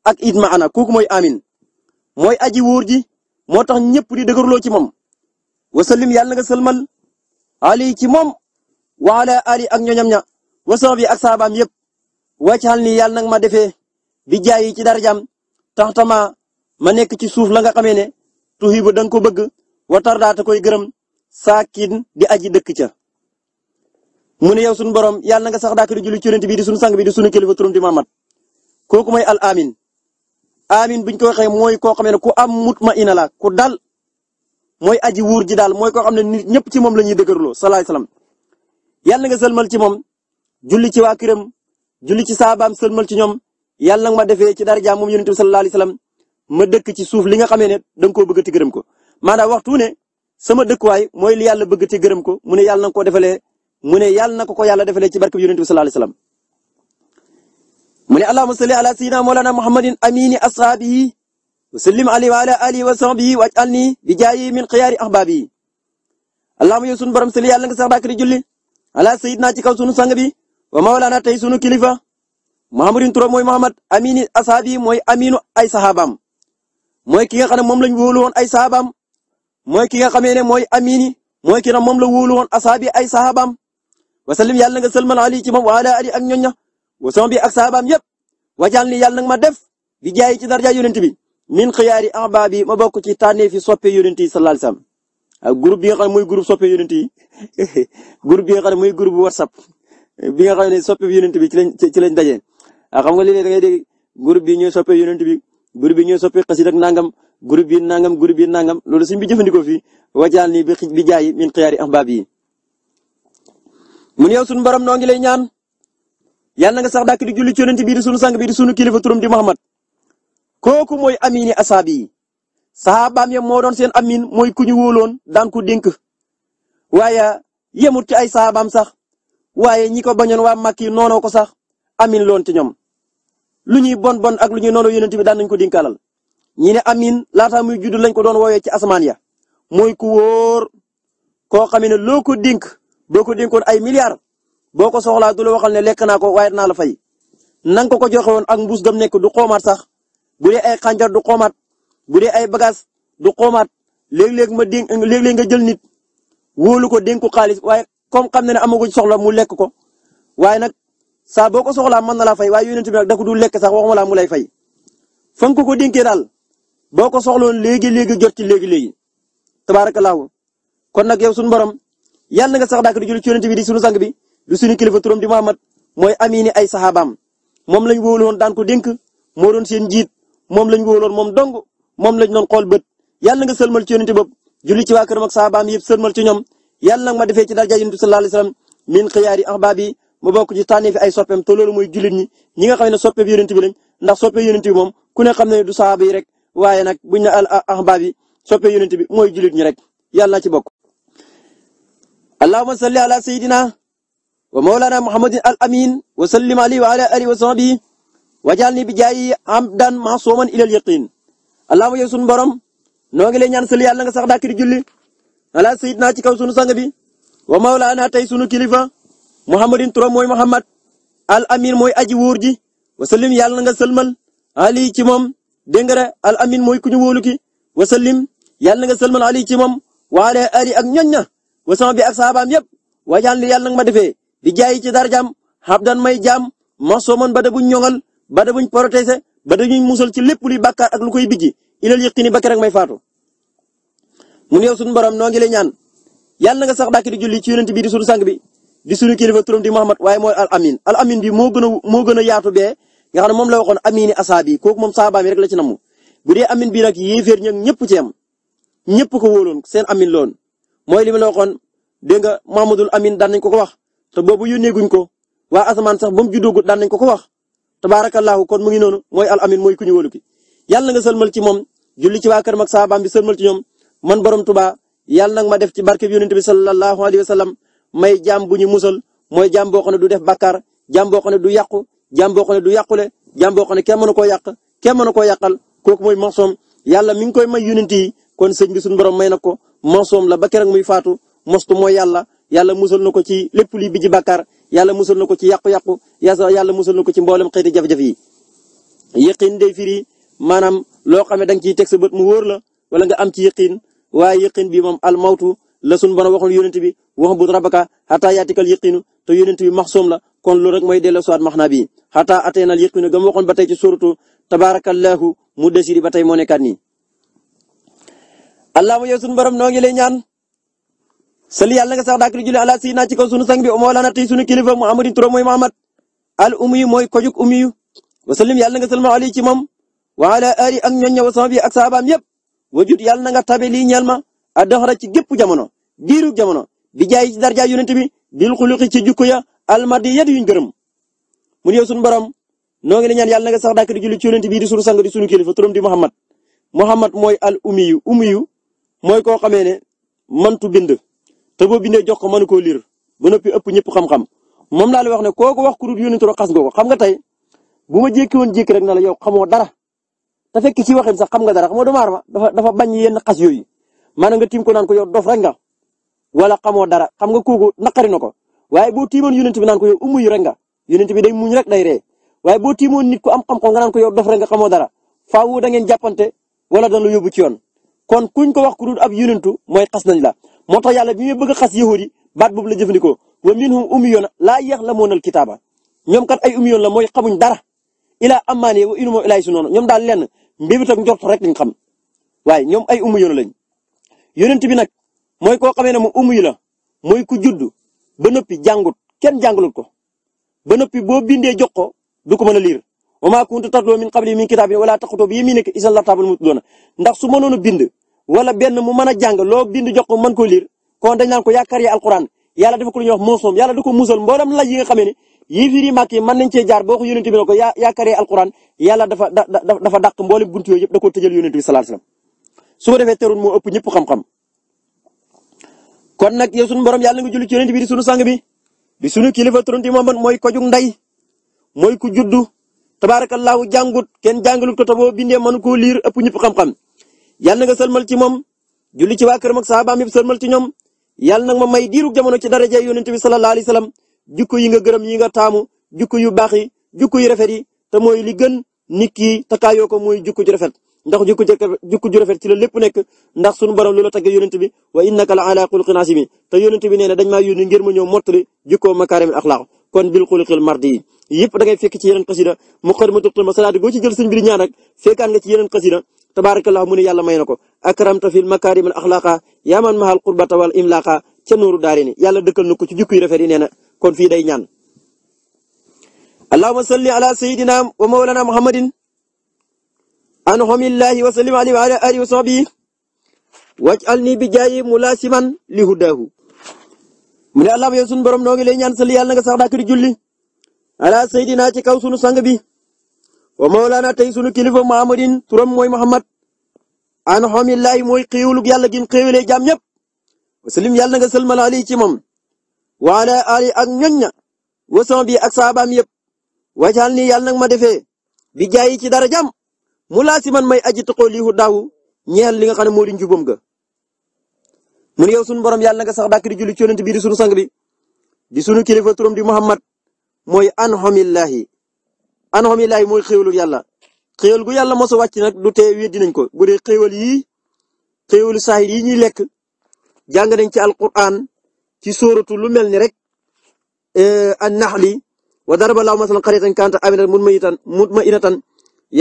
ak it ma ana mooy amin. mooy aji wóor ji. moo tax ñëpp di dëgërloo ci moom. wasallim yàlla nga sëlmal. ali ci moom wa ala ak ñoñam ña wasoo bi ak saabaam yëpp wàccal ni yàlla nag ma defe bi jaay yi ci darajam tax tama ma nekk ci suuf la nga xamee ne tuhibu danga ko bëgg watar daata koy gërëm saakin di aji dëkk ca mu ne yow sunu borom yàlla nga sax daaka di julli ci bi di sunu sang bi di sunu kilifa turam di Muhammad kooku mooy al amin amin buñ ko waxee mooy koo xamee ne ku am mutma ina la ku dal mooy aji wuur ji daal mooy koo xam ne nit ñëpp ci moom la ñuy dëgërloo salaay salaam yàlla nga sëlmal ci moom julli ci waa këram julli ci saabaam sëlmal ci ñoom yàlla nga ma defee ci daraja moom yonent bi sallallahu alayhi wasallam ma dëkk ci suuf li nga xamee ne da nga koo bëgg ti gërëm ko maanaam waxtu ne sama dëkkuwaay mooy li yàlla bëgg ti gërëm ko mu ne yàlla na ko defalee mu ne yàlla na ko ko yàlla defalee ci barke bi yonent bi sallallahu alayhi wasallam mu ala sayyidina mawlana muhammadin amini ashaabihi وسلم عليه وعلى آله وصحبه واجعلني بجاي من خيار أحبابي اللهم yow sunu borom sëli yàlla nga sax bàkkari julli ala sayidna ci kaw sunu sang bi wa mawlana tey sunu kilifa Muhammadin turam mooy Muhammad amini asaabi mooy aminu ay sahabaam mooy ki nga xam ne moom lañ wóolu woon ay sahabaam mooy ki nga xamee ne mooy amini mooy ki na moom la wóolu woon asaabi ay sahabaam wa sallim yàlla nga sëlmal ali ci moom wa ala ali ak ñoña wa sama bi ak sahabaam yëpp wajaal ni yàlla nga ma def bi jaay ci darja yonent bi min xiyaari ahbaab yi ma bokk ci tànnee fi soppe yonent yi sallallahu alayhi wasallam ak bi nga xam ne mooy groupe soppe yonent yi groupe bi nga xam ne mooy groupe whatsapp bi nga xam ne soppe yonent bi ci lañ ci lañ daje ah, xam nga léeg-léeg da ngay dégg groupe bi ñooy soppe yonent bi groupe bi ñooy soppe xasid ak nangam groupe bi nangam groupe bi nangam loolu suñ bi jëfandikoo fii wajaal nii bi bi jaay min xiyaari ahbaab yi mun yow sunu borom noo lay ñaan yàlla nga sax dàkk di julli ci yonent bi di sunu sang bi di sunu kilifa turam di Muhammad kooku mooy amini asaabi yi saxaabaam ya moo doon seen amin mooy ku ñu wóoloon daan ko dénk waaye yemut ci ay saxaabaam sax waaye ñi ko bañoon waa Makki noonoo ko sax amin loon ci ñoom lu ñuy bon bon ak lu ñuy noonu yonent bi daan nañ ko dénkaalal ñi ne amin laata muy judu lañ ko doon woowee ci asamaan ya mooy ku woor koo xam ne loo ko dénk boo ko dénkoon ay milliards boo ko soxlaa waxal ne lekk naa ko waaye dinaa la fay nang ko ko joxe woon ak mbuus gam nekk du xoomaat sax bu dee ay xànjar du xoomaat bu dee ay bagaas du xoomaat léeg-léeg ma dénk léeg-léeg nga jël nit wóolu ko dénk xaalis waaye comme xam na ne amagu soxla mu lekk ko waaye nag saa boo ko soxlaa mën na laa fay waaye yonent bi nag da du lekk sax waxuma laa mu lay fay fa ko ko dénkee daal boo ko soxloon léegi léegi jot ci léegi léegi tabaarakallaahu kon nag yow suñu borom yàlla nga sax dàkk du julli ci yonent bi di suñu sang bi du suñu kilifa turam di Muhammad mooy amini ay saxaabaam moom lay wóolu woon daan dénk moo doon seen njiit moom lañ wóoloon moom dong moom lañ doon xool bët yàlla nga sëlmal ci yonente bopp julli ci waa këram ak saabaam yëpp sëlmal ci ñoom yàlla nag ma defee ci darja yonente sallallahu alayhi wasallam min xiyaari ahbaab yi mu bokk ci tànnee fi ay soppeem te loolu mooy jullit ñi ñi nga xam ne soppeeb yonente bi lañ ndax soppeeb yonente bi moom ku ne xam ne du saaba yi rek waaye nag buñ ne al ahbaab yi bi mooy jullit ñi rek yàlla ci bokk allahumma salli ala sayidina wa mawlana muhammadin al amin wa sallim alayhi wa ala alihi wajaal ni bi jaayi amdan masuman ilal yaqin allahumma yow sunu borom noo ngi lay ñaan sëli yàlla nga sax dàkk di julli ala naa ci kaw sunu sang bi wa mawlaana tey sunu kilifa muhammadin turam mooy muhammad al amin mooy aji wóor ji wasallim yàlla na nga sëlmal ali ci moom dégg nga al amin mooy ku ñu wóolu ki wasallim yàlla na nga sëlmal ali ci moom waale ali ak ñoñ ña wasama bi ak saabaam yëpp wajaal ni yàlla nga ma defee di jaayi ci darajaam habdan may jaam masuman ba da bu ñoŋal ba da buñ protéger ba dañuy musal ci lépp luy bàkkaar ak lu koy bijji ilal yëqini ba keroog may faatu. mun yow suñu borom noo ngi lay ñaan yàlla na nga sax dàkk di julli ci yonent bi di sunu sang bi di sunu kilifa turam di Muhammad waaye mooy al amin al amin bi moo gën a moo gën yaatu bee nga xam ne moom la waxoon amini asaabi kooku moom saabaam yi rek la ci namu bu dee amin bi nag yéeféer ñoom ñëpp ci am ñëpp ko wóoloon seen amin loon mooy li ma la waxoon dégg nga Muhammadul amin daan nañ ko ko wax te boobu yónnee guñ ko waa asamaan sax ba mu juddoogut daan nañ ko ko wax tabaarakallaahu kon mu ngi noonu mooy al amin mooy ku ñu wóolu ki yàlla nga ci moom julli ci waa kër mag saabaam bi sëlmal ci ñoom man borom Tuubaa yàlla nag ma def ci barke bi yonent bi sallallahu alayhi wa sallam may jaam bu ñu musal mooy jaam boo xam du def bàkkaar jaam boo ne du yàqu jaam boo ne du yàqule jaam boo xam ne kenn mënu koo yàq kenn mënu koo yàqal kooku mooy maxsoom yàlla mi ngi koy may yonent yi kon sëñ bi suñu borom may na ko maxsoom la ba keroog muy faatu mostu mooy yàlla yàlla musal na ko ci lépp lii bi ji bàkkaar yàlla musal na ko ci yàqu-yàqu yàlla musal na ko ci mboolem xeeti jafe-jafe yi yëqin day firi maanaam loo xam ne da nga ciy teg sa bët mu wóor la wala nga am ci yëqin waaye yëqin bi moom al mawtu la sun bana waxul yonent bi wax bu rabaka xataa yaatikal yëqinu te yonent bi maxsoom la kon loolu rek mooy delloo max na bi xataa ateenal yëqinu gam waxoon ba tey ci suratu tabarakallahu mu desiri ba tey moo nekkaat nii allahuma yow sun borom noo ngi lay ñaan sëli yàlla nga sax dàkk di julli ala sayyidina ci kaw sunu sang bi Mawlana tey sunu kilifa mooy Muhammad al mooy yàlla nga salma ci moom wa ala ali ak ñoñ wa sama bi yëpp yàlla na nga tabe lii ñeel ma a doxara ci gépp jamono diiru jamono bi jaay ci darja yonent bi bil xuluqi ci jukku ya al madiyat yuñ gërëm mu yow sunu borom noo ngi la ñaan yàlla nga sax dàkk di ci yonent bi di sunu sang di sunu kilifa turam di Muhammad Muhammad mooy al ummi ummi mooy koo xamee ne mantu bind te boo bindee jox ko mën koo lire ba noppi ëpp ñëpp xam-xam moom laa lay wax ne kooku wax ku dul yónni trop xas nga ko nga tey bu ma jékki won jékki rek na la yow xamoo dara te fekk ci waxin sax xam nga dara xam nga doomu ma dafa dafa bañ yenn xas yooyu maanaam nga tiim ko naan ko yow dof rek nga wala xamoo dara xam nga kooku naqari na ko waaye boo tiimoon yónent bi naan ko yow umuy rek nga yónent bi day muñ rek day ree waaye boo tiimoon nit ku am xam ko nga naan ko yow dof rek nga xamoo dara faawu da ngeen jàppante wala dañ la yóbbu ci yoon kon kuñ ko wax ku dul ab mooy xas nañ la moo tax yàlla bi muy bëgg a xas yahudi baat boobu la jëfandikoo wa la ummiyoona la yaxlamuuna alkitaaba ñoom kat ay ummiyoon la mooy xamuñ dara ilaa amaani wa ilmu ilaay su ñoom daal lenn mbébét ak njort rek lañ xam waaye ñoom ay ummiyoon lañ yonent bi nag mooy koo xamee ne mu ummi la mooy ku judd ba noppi jàngut kenn jàngalut ko ba noppi boo bindee jox ko du ko mën a liir wa maa kunta tatloo min qabli min kitaabin wala taxutoo bi yamiinika ndax su mënoon a bind wala benn mu mën a jàng loo bind jox ko mën ko liir kon dañ naan ko yaakaar yi alquran yàlla dafa ko lu ñuy wax mosoom yàlla da ko musal mboolem laj yi nga xamee ne yii firi màkk yi mën nañ cee jaar boo ko yónent bi ne ko yaa yaakaar yi alquran yàlla dafa da dafa buntu yooyu yëpp da ko tëjal yónent bi sallallahu alayhi wasallam su ko defee terun moo ëpp ñëpp xam-xam kon nag yow suñu borom yàlla nga julli ci yónent bi di suñu sang bi di suñu kilifa turanti moom mooy ko jug ndey mooy ku juddu tabaarakallaahu jàngut kenn jàngalut ko te boo bindee mën koo liir ëpp ñëpp xam yàlla na nga sëlmal ci moom julli ci waa këram ak saabaam yëpp sëlmal ci ñoom yàlla na ma may diirug jamono ci daraja yonent bi sallallahu alayhi wasallam jukko yi nga gërëm yi nga taamu jukko yu baax yi jukko yu rafet yi te mooy li gën nit ki takaayoo ko mooy jukko ju rafet ndax jukko ju jukko ju rafet ci la lépp nekk ndax sunu borom lu la tagge bi wa innaka la ala xuluqin azim te yonent bi nee na dañ maa yónni ngir ma ñëw mottali jukkoo makaarimil axlaaq kon bil xuluqil mardi yëpp da ngay ci yeneen xasida muqaddimatul xidma salaatu goo ci jël sëñ bi di ñaan rek fekkaan nga ci yeneen xasida tabarakallah mu ne yàlla may na ko fil makarim al axlaqa yaa mahal qurbata wal imlaqa ca nuuru daari ni yàlla dëkkal na ko ci jukki rafet yi nee na kon fii day ñaan allahumma salli ala sayidina wa mawlana muhammadin anhumillahi wa sallim alayhi wa ala alihi wa sahbihi waj'alni bi jaayi mulasiman li hudahu mu ne allahumma yow sunu borom noo ngi lay ñaan salli yàlla nga julli ala sayidina ci kaw sunu sang bi wa mawlaana tey sunu kilifa Muhammadin turam mooy Muhammad an xamillahi mooy xéewalug yàlla gim xéewalee jaam ñëpp wasalim yàlla nga sëlmal ali ci moom wa ala ali ak ñoñ ña wason bi ak saabaam yëpp wajaal ni yàlla nag ma defee bi jaayi ci dara jam mu laa si man may aji taqoo liihu daawu ñeel li nga xam ne moo di njubam ga mun yow sunu borom yàlla nga sax dàkk di julli ci bi di sunu sang bi di sunu kilifa turam di Muhammad mooy an xamillahi anam ilaahi mooy xéewalu yàlla xéewal gu yàlla mosa a nag du te weddi nañ ko bu dee xéewal yi xéewalu saahir yi ñuy lekk jàng nañ ci alquran ci sóoratu lu mel ni rek eh, an-naxli wa daraba lahu masalan qaryatan kaanat ina mutma'innatan mutma'innatan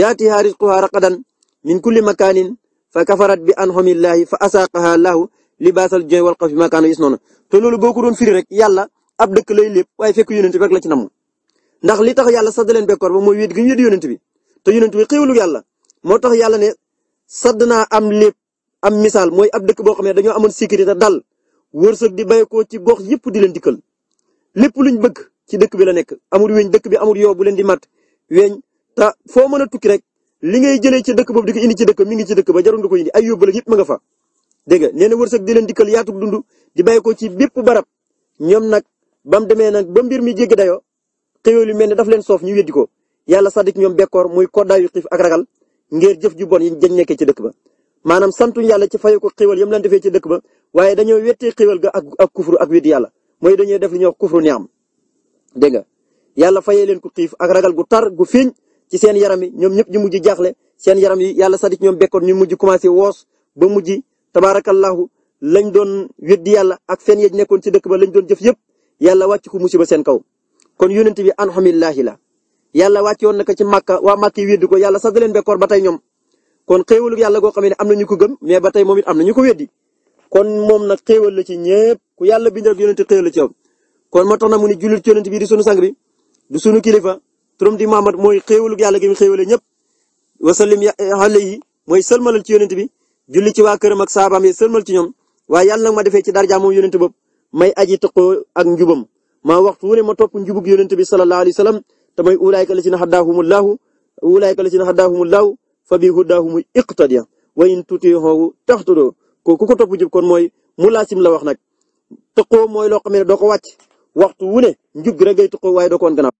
yaatihaa rizquhaa ragadan min kulli makaanin fa kafarat bi an'ami llaahi fa asaaqahaa llaahu libaasal juu'i wal xawfi bimaa kaanuu yasnaun te loolu boo ko doon firi rek yàlla ab dëkk lay lépp waaye fekk yonent bi rek la ci namm ndax li tax yàlla sadd leen bekkoor ba mooy wéet gi ñu wéet yonent bi te yonent bi xéwlu yàlla moo tax yàlla ne sadd naa am lépp am misaal mooy ab dëkk boo xam ne dañoo amoon sécurité dal wërsëg di bay ko ci gox yëpp di leen dikkal lépp luñ bëgg ci dëkk bi la nekk amul weñ dëkk bi amul yoo bu leen di mat weñ ta foo mën a tukki rek li ngay jëlee ci dëkk boobu di ko indi ci dëkk mi ngi ci dëkk ba jarul nga ko indi ay yóbbu la yëpp ma nga fa dégg nga nee wërsëg di leen dikkal yaatu dund di bàyyi ci bépp barab ñoom nag ba mu demee nag mbir mi jéggi dayoo te yu mel ne daf leen soof ñu weddi ko yàlla sadik ñoom bekkoor muy koddaayu xiif ak ragal ngir jëf ju bon yi dañ nekkee ci dëkk ba maanaam santu yàlla ci fayu ko xiwal yam leen defee ci dëkk ba waaye dañoo wettee xiwal ga ak ak kufru ak weddi yàlla mooy dañoo def li ñuy wax am dégg nga yàlla fayee leen ko xiif ak ragal gu tar gu fiiñ ci seen yaram yi ñoom ñëpp ñu mujj jaaxle seen yaram yi yàlla sadik ñoom bekkoor ñu mujj commencé woos ba mujj tabaarakallahu lañ doon weddi yàlla ak seen yej nekkoon ci dëkk ba lañ doon jëf yëpp yàlla wàcc ko musiba seen kaw kon yonent bi anxamillaahi la yàlla wàcce woon na ko ci màkka waa màkk yi weddi ko yàlla sax leen bekkoor ba tey ñoom kon xéewalu yàlla goo xam ne am na ñu ko gëm mais ba tey moom it am na ko weddi kon moom nag xéewal la ci ñëpp ku yàlla bind rek yonent xéewal la ci yow kon moo tax na mu ni jullit ci yonent bi di sunu sang bi du sunu kilifa turam di Muhammad mooy xéewalu yàlla gi mu xéewale ñëpp wasallim alayhi mooy sëlmalal ci yonent bi julli ci waa këram ak saabaam yi sëlmal ci ñoom waaye yàlla ma defee ci darja moom yonent bopp may aji tëqoo ak njubam maa waxtu wu ne ma topp njubug yonent bi sallallahu alayhi wa sallam te mooy ulaayka la si na haddaahumullahu ulaayka la si na haddaahumullahu fa bi hudaahum iqtadia wa in tutiihu tahtadoo ko ku ko topp jub kon mooy mu laasim la wax nag ta koo mooy loo xam ne doo ko wàcc waxtu wu ne njub gi rek ngay waaye doo ko woon